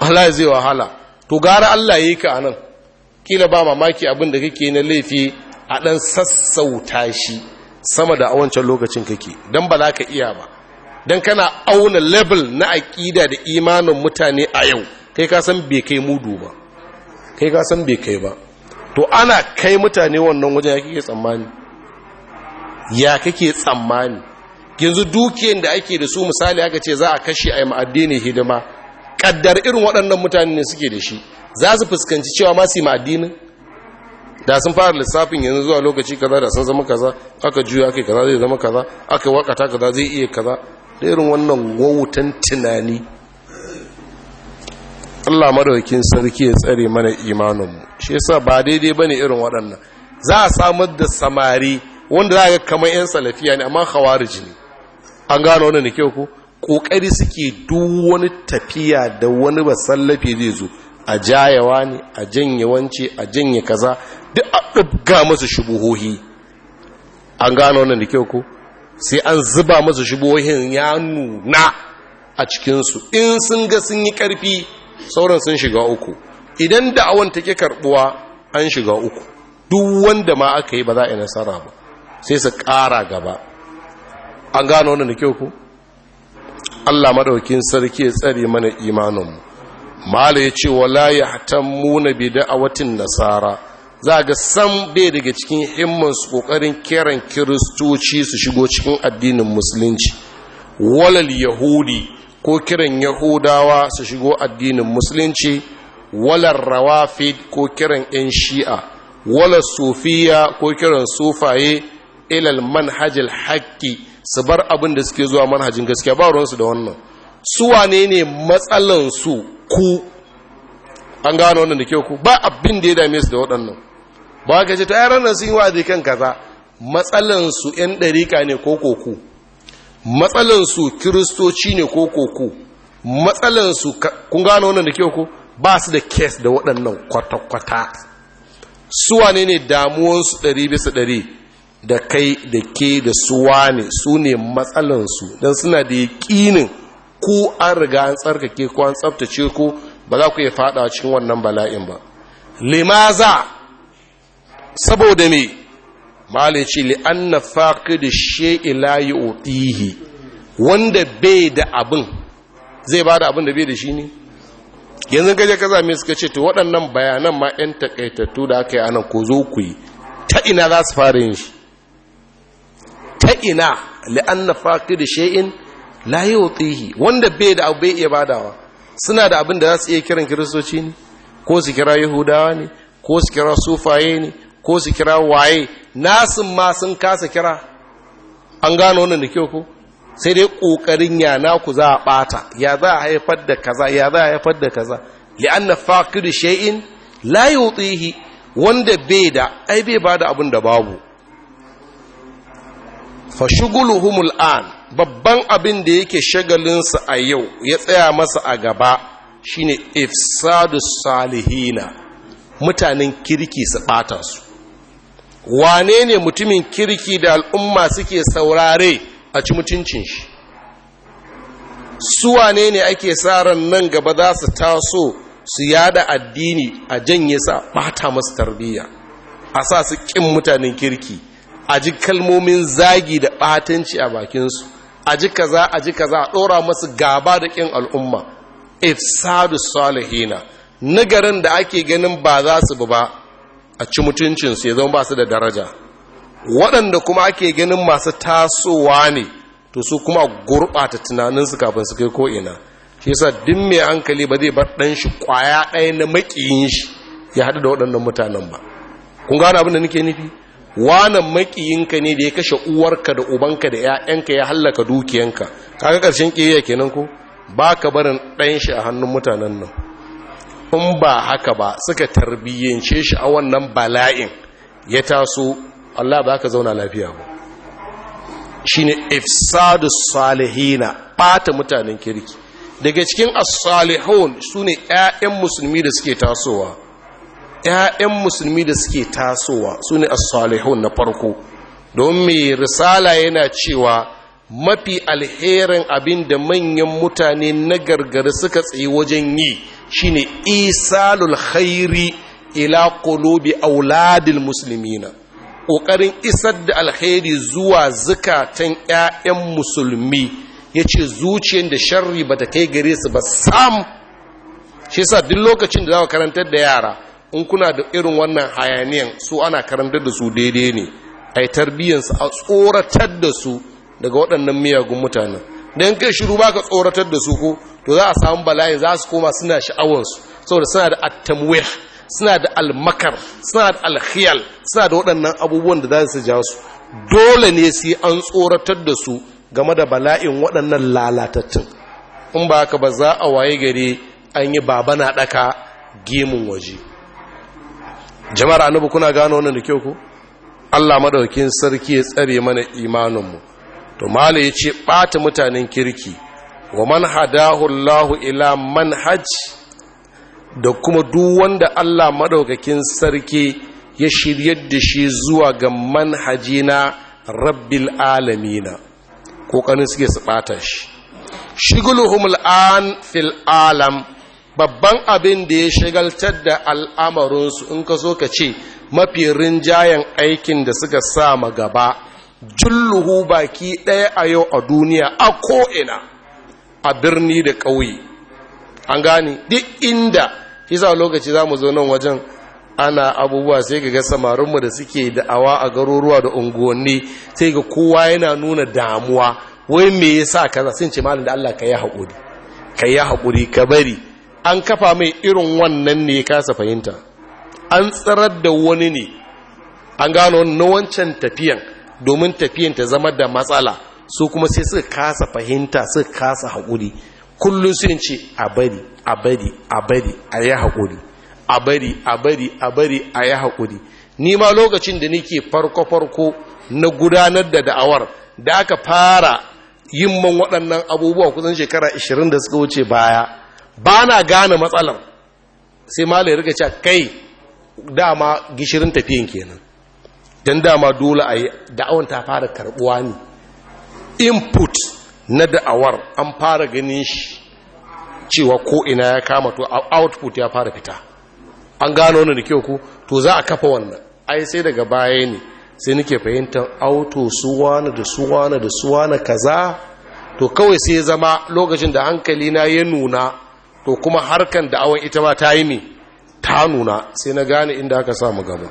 Allah zai wahala to gara Allah yi ka anan kila ba mamaki abin da kake na laifi a dan sassauta shi sama da a wancan lokacin kake don ba za ka iya ba don kana auna level na aƙida da imanin mutane a yau kai ka san bai kai mudu ba kai ka san bai kai ba to ana kai mutane wannan wajen ya kake tsammani ya kake tsammani yanzu dukiyar da ake da su misali aka ce za a kashe a yi ma'addini hidima kaddar irin waɗannan mutane ne suke da shi za su fuskanci cewa ma su yi ma'addinin da sun fara lissafin yanzu zuwa lokaci kaza da sun zama kaza aka juya aka kaza zai zama kaza aka wakata kaza zai iya kaza da irin wannan wautan tunani Allah madaukin sarki ya tsare mana imaninmu shi yasa ba daidai bane irin waɗannan za a samar da samari wanda za ga kamar yan salafiya ne amma khawariji ne an gano wannan ne kyau ko kokari suke duk wani tafiya da wani basallafi zai zo a jayawa ne a janye wance a janye kaza duk a ga masu shubuhohi an gano wannan da kyau ko sai an zuba masa shubohin ya nuna a cikinsu in sun ga sun yi ƙarfi sauran sun shiga uku idan da da'awan take karɓuwa an shiga uku duk wanda ma aka yi ba za a yi nasara ba sai su ƙara gaba an gano wannan da kyau ku allah maɗaukin sarki ya tsare mana imaninmu mala ya ce wa laye hatan muna a da'awatin nasara za ga sam bai daga cikin himmansu kokarin kiran kiristoci su shigo cikin addinin musulunci walal yahudi ko kiran yahudawa su shigo addinin musulunci walal rawafid ko kiran 'yan shi'a walal sufiya ko kiran sufaye ilal manhajil haƙƙi su bar abin da suke zuwa manhajin gaskiya ba ruwansu da wannan su wane ne matsalansu ku an gano wannan da kyau ku ba abin da ya dame su da waɗannan ba ka ce ta yaran nan sun yi wa'azi kan kaza matsalansu 'yan ɗarika ne ko koko matsalansu kiristoci ne ko koko matsalansu kun gano wannan da kyau ko ba su da kes da waɗannan kwata-kwata suwa ne ne damuwansu ɗari bisa ɗari da kai da ke da suwa ne su ne matsalansu don suna da yaƙinin ko an riga an tsarkake ko an tsabtace ko ba za ku iya faɗa cikin wannan bala'in ba limaza saboda me malai ce li anna faqidu shay'i la yu'tihi wanda bai da abin zai bada abin da bai da shi ne yanzu kaje ka zame suka ce to waɗannan bayanan ma ɗan takaitattu da aka yi anan ko zo ku yi ta ina za su fara yin shi ta ina li anna faqidu shay'in la yu'tihi wanda bai da abu bai iya badawa suna da abin da za su iya kiran kiristoci ne ko su kira yahudawa ne ko su kira sufaye ne ko su kira waye nasin ma sun kasa kira an gano wannan da kyau ko sai dai kokarin ya na ku za a bata ya za a haifar da kaza ya za a haifar da kaza li'anna faqid shay'in la yutihi wanda bai da ai bai bada abin da babu fa humul'an babban abin da yake su a yau ya tsaya masa a gaba shine ifsadu salihina mutanen kirki su ɓata su wane ne mutumin kirki da al'umma suke saurare a ci mutuncin shi su wane ne ake sa ran nan gaba za su taso su yada addini a janye sa bata masu tarbiyya a sa su ƙin mutanen kirki a ji kalmomin zagi da ɓatanci a bakinsu a ji kaza a ji kaza a ɗora masu gaba da ƙin al'umma ifsadu salihina nagarin da ake ganin ba za su ba a ci mutuncinsu ya zama ba su da daraja waɗanda kuma ake ganin masu tasowa ne to su kuma gurɓata tunaninsu kafin su kai ko'ina shi sa duk mai hankali ba zai bar ɗan shi ƙwaya ɗaya na maƙiyin shi ya haɗu da waɗannan mutanen ba kun gane abin da nake nufi wanan maƙiyinka ne da ya kashe uwarka da ubanka da 'ya'yanka ya hallaka dukiyanka kaga ƙarshen ƙiyayya kenan ko ba ka barin ɗan shi a hannun mutanen nan in ba haka ba suka tarbiyyance shi a wannan bala'in ya taso Allah ba ka zauna lafiya ba shi ne ifsadu salihina ɓata mutanen kirki daga cikin as-salihun su ne 'ya'yan musulmi da suke tasowa 'ya'yan musulmi da suke tasowa su ne as na farko don mai risala yana cewa mafi alherin abin da manyan mutane na gargari suka tsaye wajen yi shine isalul khairi ila qulubi auladil muslimina ƙoƙarin isar da alkhairi zuwa zukatan 'ya'yan musulmi ya ce zuciyar da sharri ba ta kai gare su ba sam shi sa duk lokacin da za ka karantar da yara in kuna da irin wannan hayaniyan su ana karantar da su daidai ne a yi a tsoratar da su daga waɗannan miyagun mutanen dan kai shiru baka tsoratar da su ko to za a samu bala'i za su koma suna sha'awar su saboda suna da attamwih suna da almakar suna da alkhiyal suna da waɗannan abubuwan da za su ja su dole ne sai an tsoratar da su game da bala'in waɗannan lalatattun in ba haka ba za a waye gari an yi baba na ɗaka gemun waje jama'ar annabu kuna gano wannan da kyau ko Allah madaukin sarki ya tsare mana imaninmu to mala ya ce ɓata mutanen kirki wa man hadahullahu ila manhaj da kuma duk wanda Allah maɗaukakin sarki ya shiryar da shi zuwa ga manhaji na rabbil alamina ƙoƙarin suke su ɓata shi shiguluhum al'an fil alam babban abin da ya shigaltar da al'amarinsu in ka zo ka ce mafi rinjayen aikin da suka sa ma gaba julluhu baki ɗaya a yau a duniya a ko'ina a birni da ƙauye an gane duk inda isa lokaci za mu zo nan wajen ana abubuwa sai ga samarinmu da suke awa a garuruwa da unguwanni sai ga kowa yana nuna damuwa wai me yasa kaza sun ce malin da Allah ka yi haƙuri ka yi haƙuri ka bari an kafa mai irin wannan ne kasa fahimta an tsarar da wani ne an gano na wancan tafiyan domin tafiyan ta zama da matsala su kuma sai suka kasa fahimta suka kasa haƙuri kullum sun ce a bari a bari a bari a yi haƙuri a bari a bari a bari a yi haƙuri ni ma lokacin da nake farko-farko na gudanar da da'awar da aka fara yin man waɗannan abubuwa kusan shekara 20 da suka wuce baya ba na gane matsalan sai malai rika cewa kai dama gishirin tafiyan kenan don dama dole a yi da'awar ta fara karbuwa ne input na da'awar an fara ganin shi cewa ko ina ya kama to output ya fara fita an gano wani da kyau ku to za a kafa wannan ai sai daga baya ne sai nake fahimtar auto suwana da suwana da suwana kaza to kawai sai zama lokacin da hankali na ya nuna to kuma harkan da ita ma ta yi ne ta nuna sai na gane inda aka samu gaba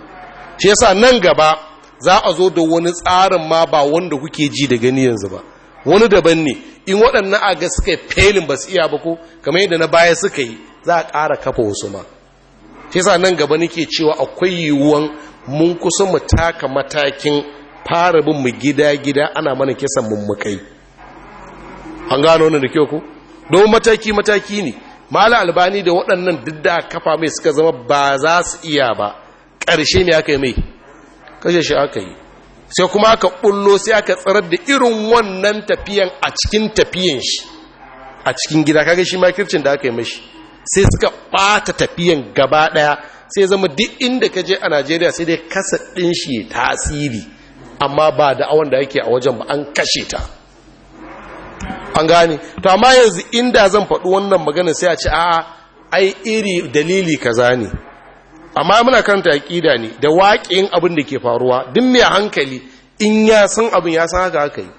shi yasa nan gaba za a zo da wani tsarin ma ba wanda kuke ji da gani yanzu ba wani daban ne in waɗannan a ga suka felin ba su iya ba ko kamar yadda na baya suka yi za a ƙara kafa wasu ma shi sa nan gaba nake cewa akwai yiwuwan mun kusa mu taka matakin fara bin mu gida-gida ana mana kisan mummukai an gano wannan da kyau ko don mataki-mataki ne Malam albani da waɗannan duk da kafa mai suka zama ba za su iya ba ƙarshe ne aka yi mai kashe shi aka yi sai kuma aka bullo sai aka tsarar da irin wannan tafiyan a cikin tafiyan shi a cikin gida kaga shi makircin da aka yi mashi sai suka bata tafiyan gaba daya sai zama duk inda ka je a Najeriya sai dai kasa din shi tasiri amma ba da awon da yake a wajen ba an kashe ta an gane to amma yanzu inda zan faɗi wannan magana sai a ce a'a ai iri dalili kaza ne amma muna karanta aqida ne da waƙin abin da ke faruwa duk mai hankali in ya san abin ya san haka haka yi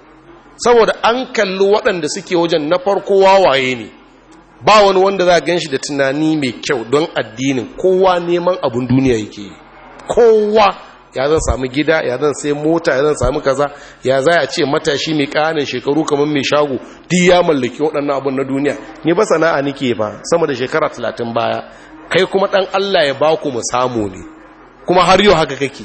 saboda an kalli waɗanda suke wajen na farko wawaye ne ba wani wanda za a gan shi da tunani mai kyau don addinin kowa neman abin duniya yake yi kowa ya zan samu gida ya zan sai mota ya zan samu kaza ya za a ce matashi mai ƙanin shekaru kamar mai shago duk ya mallaki waɗannan abin na duniya ni ba sana'a nike ba sama da shekara talatin baya kai kuma ɗan Allah ya baku mu samu ne kuma har yau haka kake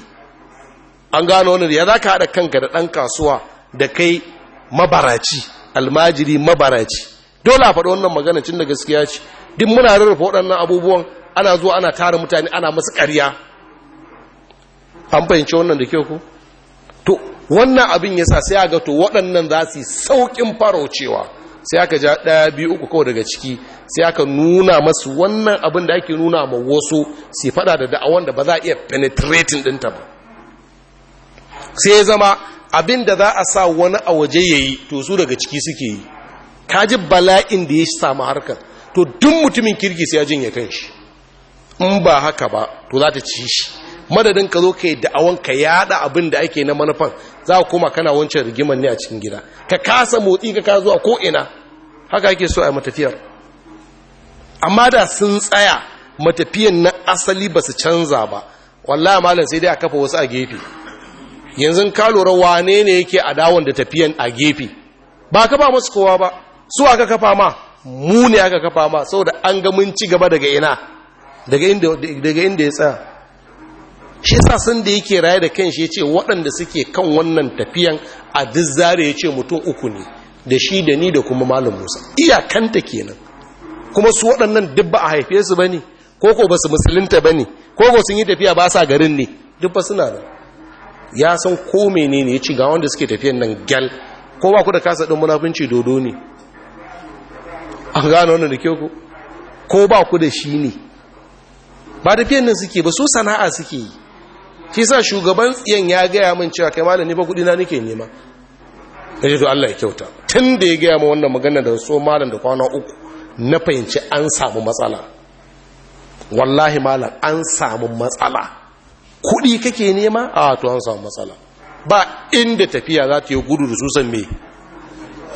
an gano wani ya za ka haɗa kanka da ɗan kasuwa da kai mabaraci almajiri mabaraci dole a faɗi wannan magana cin da gaskiya ce duk muna rarrafa waɗannan abubuwan ana zuwa ana tara mutane ana masu ƙarya an fahimci wannan da kyau ku to wannan abin yasa sai a ga to waɗannan za su yi sauƙin faraucewa sai aka ja ɗaya biyu uku kawai daga ciki sai aka nuna masu wannan abin da ake nuna ma wasu sai fada da da'awan da ba za a iya penetrating ɗinta ba sai zama abin da za a sa wani a waje ya yi to su daga ciki suke yi ka ji bala'in da ya samu harkar to duk mutumin kirki sai ya jin ya kan shi in ba haka ba to za ta ci shi madadin ka zo ka yi da'awan ka yada abin da ake na manufan za ku koma kana wancan rigiman ne a cikin gida ka kasa motsi ka ka zuwa ko haka ake so a matafiyar amma da sun tsaya matafiyan na asali ba su canza ba ya malam sai dai a kafa wasu a gefe yanzu ka lura wane ne yake dawon da tafiyan a gefe ba ka ba musu kowa ba su aka kafa ma mu ne aka kafa ma saboda an ga mun ci gaba daga ina daga inda ya tsaya shi sa san da yake raye da kanshi ya ce waɗanda suke kan wannan tafiyan a duk zare ya ce mutum uku ne da shi da ni da kuma malam musa iyakanta kenan kuma su waɗannan duk ba a haife su ba ne ko ko ba su musulunta ba ne ko ko sun yi tafiya ba sa garin ne duk ba suna nan ya san ko ne ya ci ga wanda suke tafiyan nan gyal ko ba ku da kasa ɗin munafunci dodo ne an gano wannan da kyau ku ko ba ku da shi ne ba tafiyan nan suke ba su sana'a suke yi shi sa shugaban tsiyan ya gaya min cewa kai malam ni ba kudi na nake nema na to Allah ya kyauta tun da ya gaya min wannan magana da so malam da kwana uku na fahimci an samu matsala wallahi malam an samu matsala kudi kake nema a to an samu matsala ba inda tafiya za ta yi gudu da susan me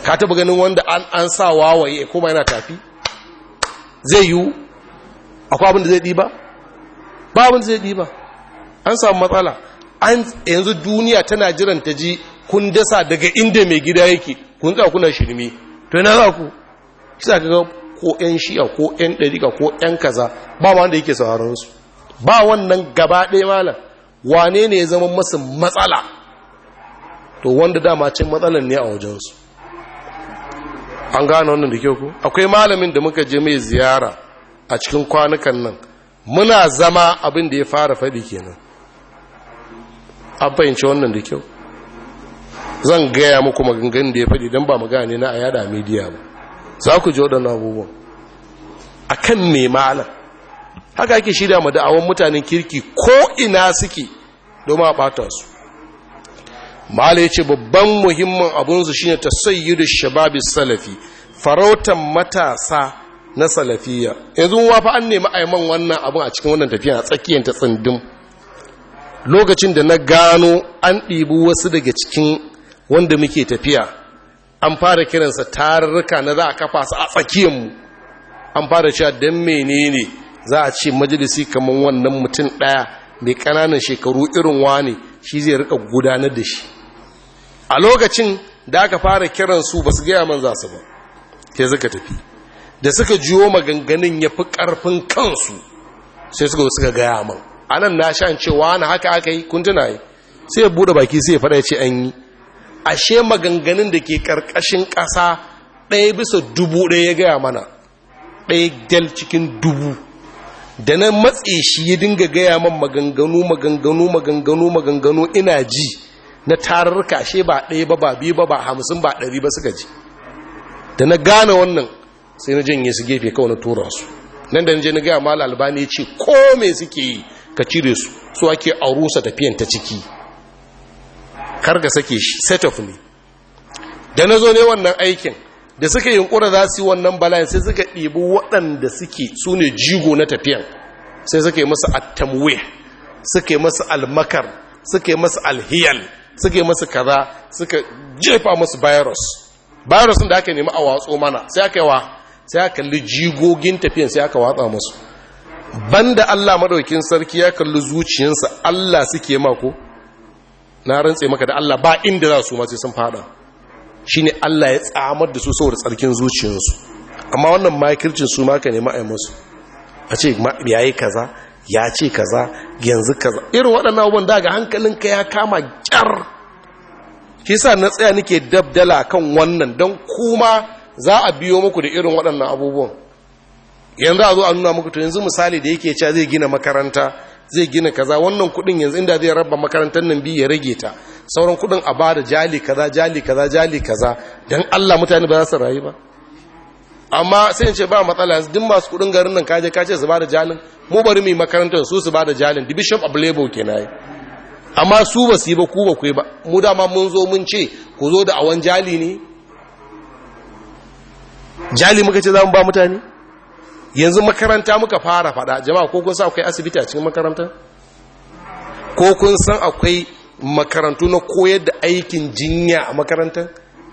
ka taba ganin wanda an an sa wawaye kuma yana tafi zai yiwu akwai abin da zai ɗi ba abin da zai ba. an samu matsala yanzu duniya tana jiran ta ji kun dasa daga inda mai gida yake kun tsaka kuna shirme to ina za ku sai ga ko yan shi'a ko yan ɗariƙa ko yan kaza ba wanda yake sauraron su ba wannan gaba ɗaya malam wane ne ya zama masu matsala to wanda dama cin matsalan ne a wajensu an gane wannan da kyau ku akwai malamin da muka je mai ziyara a cikin kwanukan nan muna zama abin da ya fara faɗi kenan an fahimci wannan da kyau zan gaya muku magangan da ya faɗi don ba mu ne na a yada midiya ba za ku ji waɗannan abubuwan a kan nema alam haka ake shirya ma da'awan mutanen kirki ko ina suke domin a ɓata su malam ya ce babban muhimmin abunsu shine ta sayi da shababi salafi farautan matasa na salafiya yanzu wafa an nemi man wannan abun a cikin wannan tafiya a tsakiyar ta tsindin lokacin da na gano an ɗibi wasu daga cikin wanda muke tafiya an fara kiransa tarurruka na za a kafa su a tsakiyanmu an fara cewa don menene za a ce majalisi kamar wannan mutum ɗaya mai ƙananan shekaru irin wa ne? shi zai rika gudanar da shi a lokacin da aka fara kiransu ba su gaya man za su ba ke suka tafi da suka jiyo maganganun ya fi ƙarfin kansu sai suka suka gaya man anan nan na shan cewa na haka aka yi kun sai ya bude baki sai ya fada ya ce an yi ashe maganganun da ke ƙarƙashin ƙasa ɗaya bisa dubu ɗaya ya gaya mana ɗaya dal cikin dubu da na matse shi ya dinga gaya man maganganu maganganu maganganu maganganu ina ji na tararka ashe ba ɗaya ba ba biyu ba ba hamsin ba ɗari ba suka ji da na gane wannan sai na janye su gefe kawai na tura su nan da je na gaya mala albani ce ko me suke yi ka cire su su ake a rusa tafiyan ta ciki karga sake shi set of ne da na zo ne wannan aikin da suka yunkura za su wannan bala'in sai suka ɗibi waɗanda suke su ne jigo na tafiyan sai suka yi masa attamwe suka yi masa almakar suka yi masa alhiyal suka yi masa kaza suka jefa masa virus virus da aka nemi a watso mana sai aka yi wa sai aka kalli jigogin tafiyan sai aka watsa masu banda Allah madaukin sarki ya kalli zuciyarsa Allah suke mako na rantse maka da Allah ba inda za su ma sai sun fada shine Allah ya tsamar da su saboda tsarkin zuciyarsu amma wannan makircin su maka ne ma'aimansu a ce yayi kaza ya ce kaza yanzu kaza irin waɗannan abubuwan daga hankalinka ya kama kyar kisa na tsaya nake dabdala kan wannan don kuma za a biyo muku da irin waɗannan abubuwan yanzu a zo a nuna muku to yanzu misali da yake cewa zai gina makaranta zai gina kaza wannan kudin yanzu inda zai raba makarantar nan biyu ya rage ta sauran kudin a bada jali kaza jali kaza jali kaza dan Allah mutane ba za su rayu ba amma sai in ce ba matsala yanzu din masu kudin garin nan kaje kace su bada jalin mu bari mu makarantar su su bada jalin division of labor kenan amma su ba su yi ba ku ba ku yi ba mu dama mun zo mun ce ku zo da awan jali ne jali muka ce za mu ba mutane yanzu makaranta muka fara fada jama'a ko kun san akwai asibiti a cikin makaranta ko kun san akwai makarantu na koyar da aikin jinya a makaranta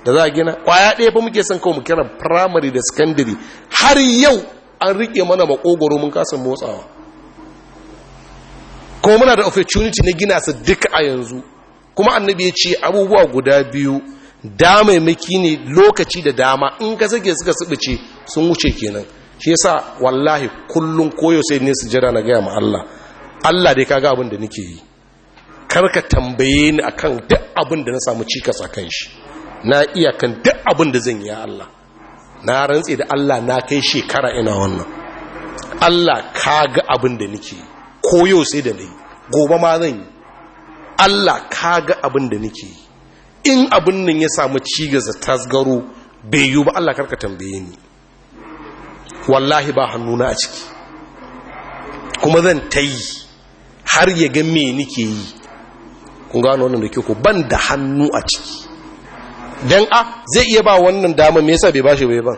da za a gina kwaya ɗaya fa muke son kawai mu kira primary da secondary har yau an rike mana makogoro mun kasa motsawa kuma muna da opportunity na gina su duka a yanzu kuma annabi ya ce abubuwa guda biyu damaimaki ne lokaci da dama in ka sake suka subuce sun wuce kenan shi yasa wallahi kullum koyo sai ne sujada na gaya ma Allah Allah dai kaga abin da nake yi karka tambaye ni akan duk abin da na samu cikas akan shi na iya kan duk abin da zan yi ya Allah na rantse da Allah na kai shekara ina wannan Allah kaga abin da nake yi koyo sai da nayi gobe ma zan yi Allah kaga abin da nake yi in abin nan ya samu cigaza tasgaro bai yi ba Allah karka tambaye ni wallahi ba hannuna a ciki kuma zan ta yi har ya ga me nike yi kun gano wannan da ke ku ban da hannu a ciki don a ah, zai iya ba wannan damar me yasa bai ba shi bai ban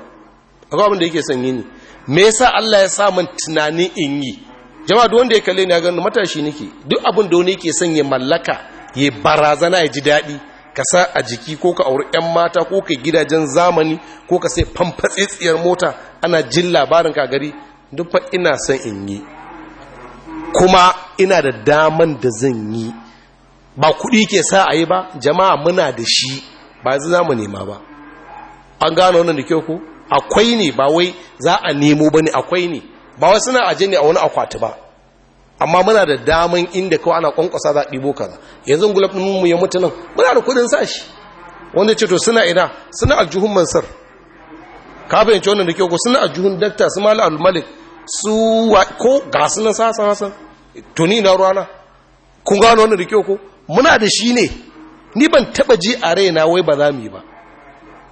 akwai abin da yake son yi ne me yasa Allah ya sa min tunanin in yi Jam'a duk wanda ya kalle ni ya gano matashi nake duk abin da wani yake son ya mallaka ya barazana ya ji daɗi ka sa a jiki ko ka auri 'yan mata ko ka gidajen zamani ko ka sai fanfatsitsiyar mota ana jin labarin ka gari duk fa ina son in yi kuma ina da daman da zan yi ba kuɗi ke sa a yi ba jama'a muna da shi ba za mu nema ba an gano wannan da kyau ku akwai ne ba wai za a nemo ba ne akwai ne ba wasu na aje ne a wani akwati ba amma muna da daman inda kawai ana kwankwasa za a ɗibo kaza yanzu gulab ɗin mu ya mutu nan muna da kudin sa shi wanda ce to suna ina suna aljuhun mansar ka fahimci wannan da kyau ko suna aljuhun dakta su mali Almalik, malik su ko ga su nan sasa hasan tuni na ruwana kun gano wannan da kyau ko muna da shi ne ni ban taba ji a raina wai ba za mu yi ba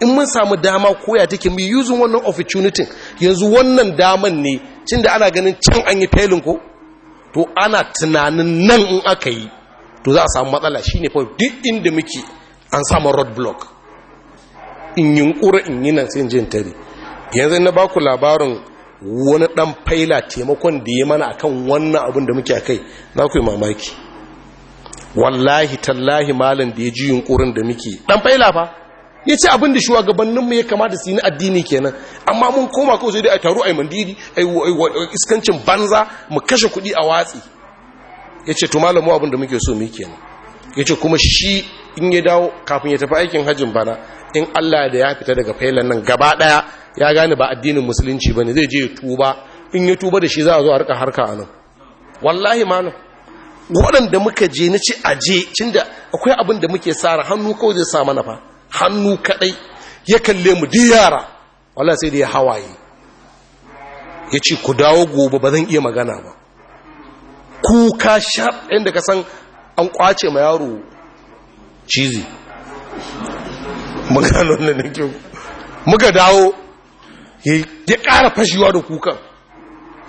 in mun samu dama koya take mu using wannan opportunity yanzu wannan daman ne cinda ana ganin can an yi felin ko to ana tunanin nan in aka yi to za a samu matsala shi ne fawai duk inda muke an samu road block in yunkura in yi nan sai jin tare yanzu na baku labarin wani dan faila taimakon da ya mana akan wannan abin da muke kai, za ku yi mamaki wallahi tallahi malam da ya ji yunkurin da muke dan faila fa ya ce abin da shugabanninmu ya kamata su yi na addini kenan amma mun koma ko sai dai a taru, a yi mandiri a iskancin banza mu kashe kuɗi a watsi ya ce to malamu abin da muke so mu kenan ya ce kuma shi in ya dawo kafin ya tafi aikin hajjin bana in allah da ya fita daga failan nan gaba ɗaya ya gane ba addinin musulunci ba ne zai je ya tuba in ya tuba da shi za a zo a rika harka a nan wallahi malam waɗanda muka je na ce aje je, da akwai abin da muke sara hannu kawai zai sa mana fa hannu kadai ya kalle mu di yara wala sai da ya hawaye ya ce ku dawo gobe ba zan iya magana ba kuka sharp inda ka san an kwace ma yaro cizi maganon ke nake muka dawo ya ƙara fashewa da kukan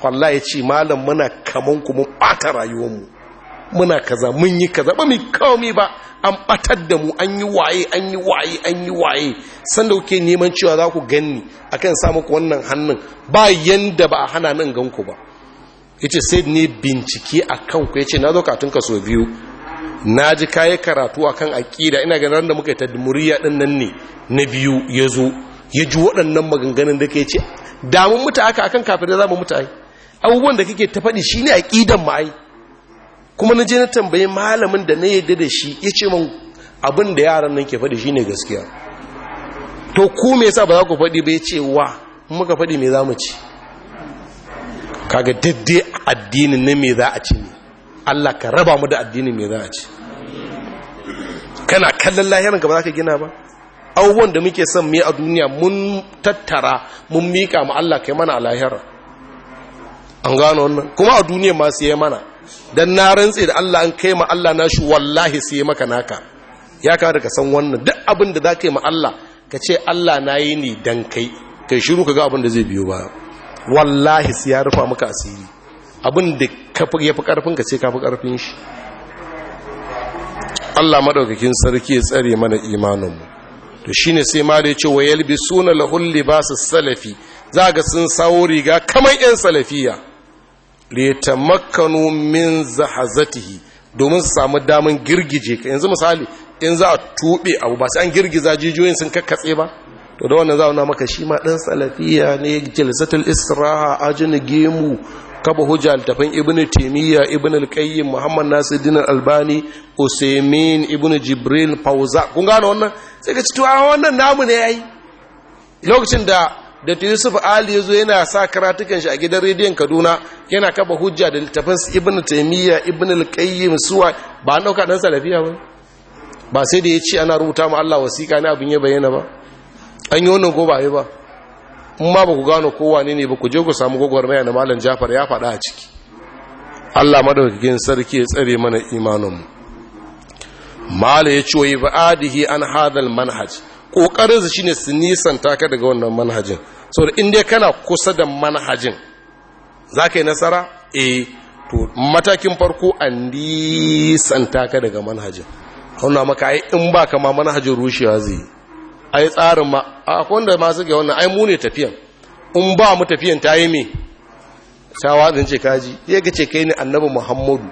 wallahi ya ce malam muna kaman kuma ɓata rayuwarmu. muna kaza mun yi kaza ba mu kawami ba an batar da mu an yi waye an yi waye an yi waye sanda kuke neman cewa za ku ganni akan samu ku wannan hannun ba yanda ba a hana nan gan ku ba ce sai ne bincike a kan ku ce na zo katun ka so biyu na ji kayi karatu akan aƙida ina ganin da muka yi ta muriya din nan ne na biyu ya zo ya ji waɗannan maganganun da ke ce damun mutu aka akan kafin da za mu mutu ai abubuwan da kake ta faɗi ne aƙidan mu ai kuma na je na tambayi malamin da na yadda da shi ya ce abin da yaran nan ke faɗi ne gaskiya to ku me yasa ba za ku faɗi ba ya ce wa muka faɗi me za mu ci kaga daddai addinin na me za a ci ne Allah ka raba mu da addinin me za a ci kana kallon lahirin ka ba za ka gina ba abubuwan da muke son mai a duniya mun tattara mun mika ma Allah kai mana a lahira an gano wannan kuma a duniya ma mana dan na rantse da Allah an kai ma Allah shi wallahi sai maka naka ya kamata ka san wannan duk abin da zaka ma Allah ka ce Allah na yi ni dan kai kai shiru ka ga abin da zai biyo ba wallahi sai ya rufa maka asiri abin da ya fi karfin ka ce ka fi karfin shi Allah madaukakin sarki ya tsare mana imanin mu to shine sai ma da yace wayalbisuna lahul libas salafi za ga sun sawo riga kamar yan salafiya litamakkanu min zahazatihi domin su samu daman girgije ka yanzu misali in za a tube abu ba sai an girgiza jijiyoyin sun kakkatse ba to da wannan za a maka shi ma ɗan salafiya ne isra a ajin gemu kaba hujja altafin Ibn timiya Ibn al-qayyim Nasir dinar albani Osemin Ibn jibril fauza kun gane wannan sai ka ci to wannan namu ne yayi lokacin da da yusuf ali ya zo yana sa karatukan shi a gidan rediyon kaduna yana kaba hujja da littafin ibn taimiyya ibn alkayyim suwa ba an ɗauka ɗan salafiya ba ba sai da ya ce ana rubuta mu allah wasiƙa ne abin ya bayyana ba an yi wannan ko ba ba in ma ba ku gano kowa ne ba ku je ku samu gwagwarmaya na malam jafar ya faɗa a ciki allah madaukakin sarki ya tsare mana imaninmu mala ya ce wa yi ba'adihi an hadal manhaj ƙoƙarinsu shine su nisanta ka daga wannan manhajin so da inda kana kusa da manhajin za ka yi nasara e to matakin farko an nisanta ka daga manhajin hauna maka ai in ba ka ma manhajin rushewa zai ai tsarin ma a wanda ma suke wannan ai mu ne tafiyan in ba mu tafiyan ta yi me shawa ce kaji ya gace ce kai ne annabi muhammadu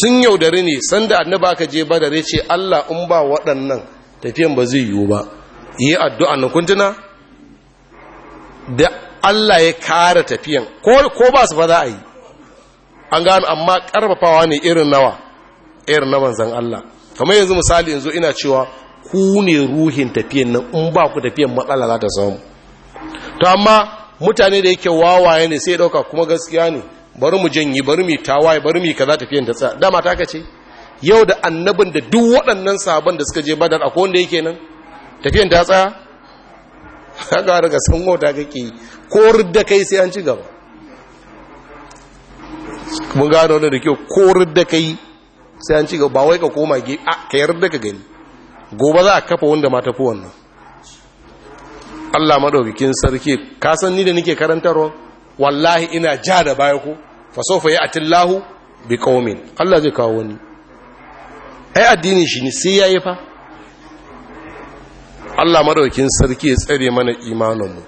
sun yaudari ne sanda annaba aka je badare ce allah in ba waɗannan tafiyan ba zai yiwu ba yi addu'a na kuntuna da Allah ya kara tafiyan ko ba su fa za a yi an gano amma karfafawa ne irin nawa irin na zan Allah kamar yanzu misali yanzu ina cewa ku ne ruhin tafiyan nan in ba ku tafiyan matsala za ta samu to amma mutane da yake wawaye ne sai dauka kuma gaskiya ne bari mu janyi bari mu tawaye bari mu kaza tafiyan ta tsaya dama ta kace yau da annabin da duk waɗannan sahabban da suka je badar akwai wanda yake nan tafiyan ta tsaya haka daga san wata kake korar da kai sai an ci gaba mun gano wani da kyau korar da kai sai an ci gaba ba wai ka koma ge a ka yarda ka gani gobe za a kafa wanda ma tafi wannan Allah madaukakin sarki ka san ni da nake karantarwa wallahi ina ja da baya ko fa sawfa bi ƙaumin. Allah zai kawo wani ai addini shi ne sai ya yi fa Allah maraukin sarki ya tsare mana imaninmu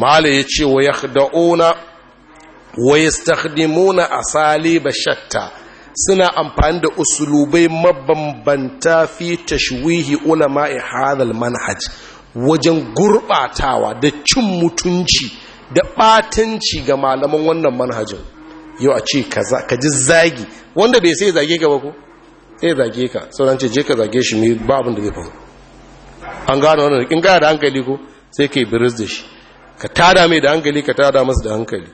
mala ya ce wa ya da'una wa ya stakhdimuna asali shatta suna amfani da usulubai mabambanta fi tashwihi a hadal manhaj wajen gurɓatawa da cin mutunci da ɓatanci ga malaman wannan manhajin yau a ce ka ji zagi wanda bai sai zage ka ba ko sai zage ka sauran ce je ka zage shi mai babin da zai faru an gano wannan in gaya da hankali ko sai ka yi biris da shi ka tada mai da hankali ka tada masa da hankali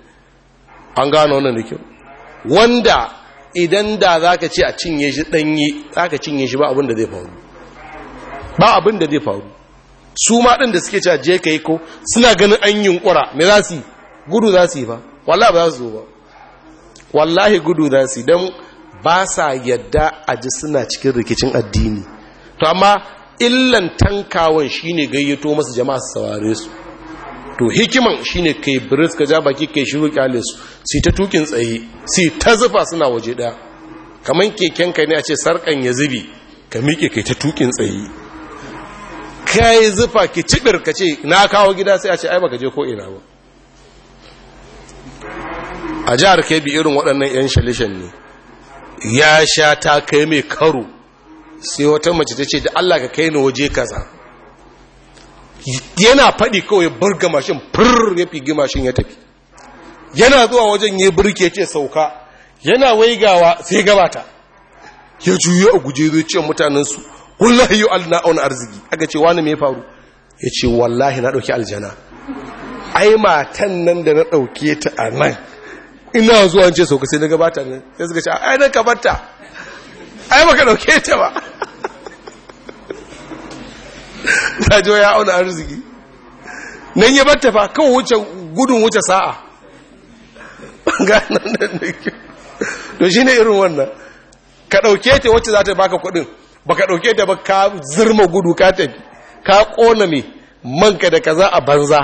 an gano wannan da kyau wanda idan da za ka ce a cinye shi ɗanyi za ka cinye shi ba abin da zai faru ba abin da zai faru su ma ɗin da suke cewa je ka yi ko suna ganin an yunƙura me za su yi gudu za su yi ba wallahi ba za su zo ba wallahi gudu za su yi don ba sa yadda a ji suna cikin rikicin addini to amma illan tankawan shine gayyato masu jama'a su saware su to hikiman shine kai biris ka ja baki kai shiru kyale su sai ta tukin tsaye sai ta zufa suna waje daya Kamar keken ka ne a ce sarkan ya zubi ka miƙe kai ta tukin tsaye kai zufa ki cibir ka ce na kawo gida sai a ce ai baka je ko ina ba a jihar kebbi irin waɗannan 'yan shalishan ne ya sha ta kai mai karo sai wata mace ta ce da Allah ka kai ni waje kaza yana faɗi kawai burga mashin fur ya figi mashin ya tafi yana zuwa wajen ya burke ce sauka yana waigawa sai gabata ya juyo a guje zai ce mutanensu wallahi yi alna'on arziki aka ce wani mai faru ya ce wallahi na ɗauki aljana ai matan nan da na ɗauke ta a nan ina zuwa ce sauka sai na gabata ne ya suka ce ai na kabata ai baka dauke ta ba ta jo ya auna arziki nan ya batta fa kan wuce gudun wuce sa'a ganan da nake to shine irin wannan ka dauke ta wacce za ta baka kudin baka dauke ta ba ka zirma gudu ka tafi ka kona me manka da kaza a banza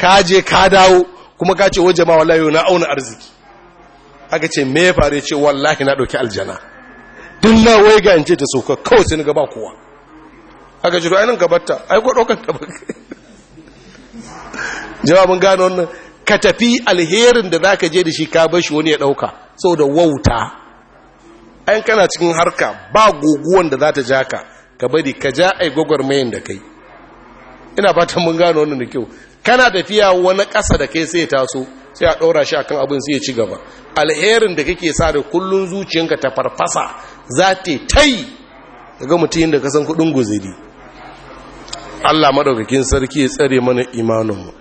ka je ka dawo kuma ka ce wajen ma wallahi na auna arziki aka ce me ya fare ce wallahi na dauki aljana tun wai ga ce ta sauka kawai sai gaba kowa aka ce to ainihin gabata ai ko ɗaukar ta jawabin gano wannan ka tafi alherin da za ka je da shi ka bashi wani ya ɗauka saboda wauta ayin kana cikin harka ba guguwan da za ta ja ka ka bari ka ja ai gwagwarmayin da kai ina fatan mun gano wannan da kyau kana tafiya wani ƙasa da kai sai ya taso sai a ɗaura shi akan abin sai ya ci gaba alherin da kake sa da kullun zuciyanka ta farfasa za ta tai ga mutum da kasan kudin guziri Allah madaukakin sarki ya tsare mana imaninmu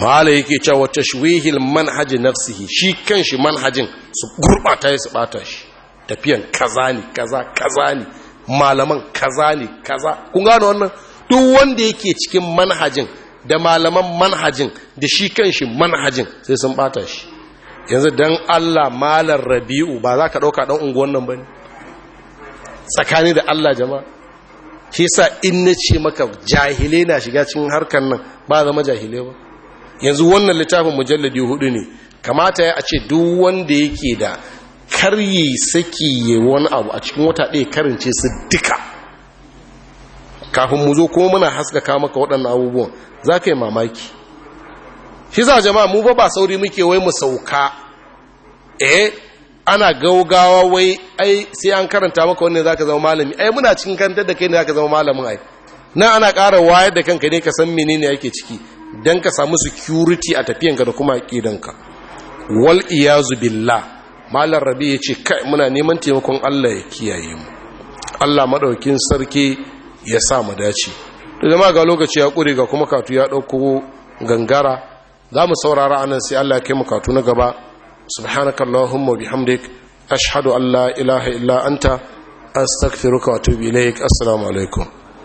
mala yake cewa shuwihil manhaji nafsihi shi kan shi manhajin su gurbata ya su bata shi tafiyan kaza ne kaza kaza ne malaman kaza ne kaza kun gano wannan duk wanda yake cikin manhajin da malaman manhajin da shi kan shi manhajin sai sun bata shi yanzu don allah malar rabi'u ba za ka ɗauka ɗan unguwan nan ba ne tsakani da allah jama'a ke sa in na ce maka jahilai na shiga cikin harkar nan ba zama jahilai ba yanzu wannan littafin mujalladi hudu ne kamata ya a ce duk wanda yake da karye saki ya wani abu a cikin wata ɗaya karance su duka kafin mu zo kuma muna haskaka maka waɗannan abubuwan za ka yi mamaki shi za jama'a mu ba ba sauri muke wai mu sauka eh ana gaugawa wai ai sai an karanta maka wannan zaka zama malami ai muna cikin kantar da kai ne zaka zama malamin ai nan ana ƙara wayar da kanka ne ka san menene yake ciki dan ka samu security a tafiyan ka da kuma aqidanka wal iyazu billah malam rabi ya ce kai muna neman taimakon Allah ya kiyaye mu Allah madaukin sarki ya sa mu dace to jama'a ga lokaci ya kure ga kuma katu ya dauko gangara za mu saurara nan sai Allah ya kai mu katu na gaba subhanaka allahumma bihamdik ashhadu an la ilaha illa anta astaghfiruka wa atubu ilaik assalamu alaikum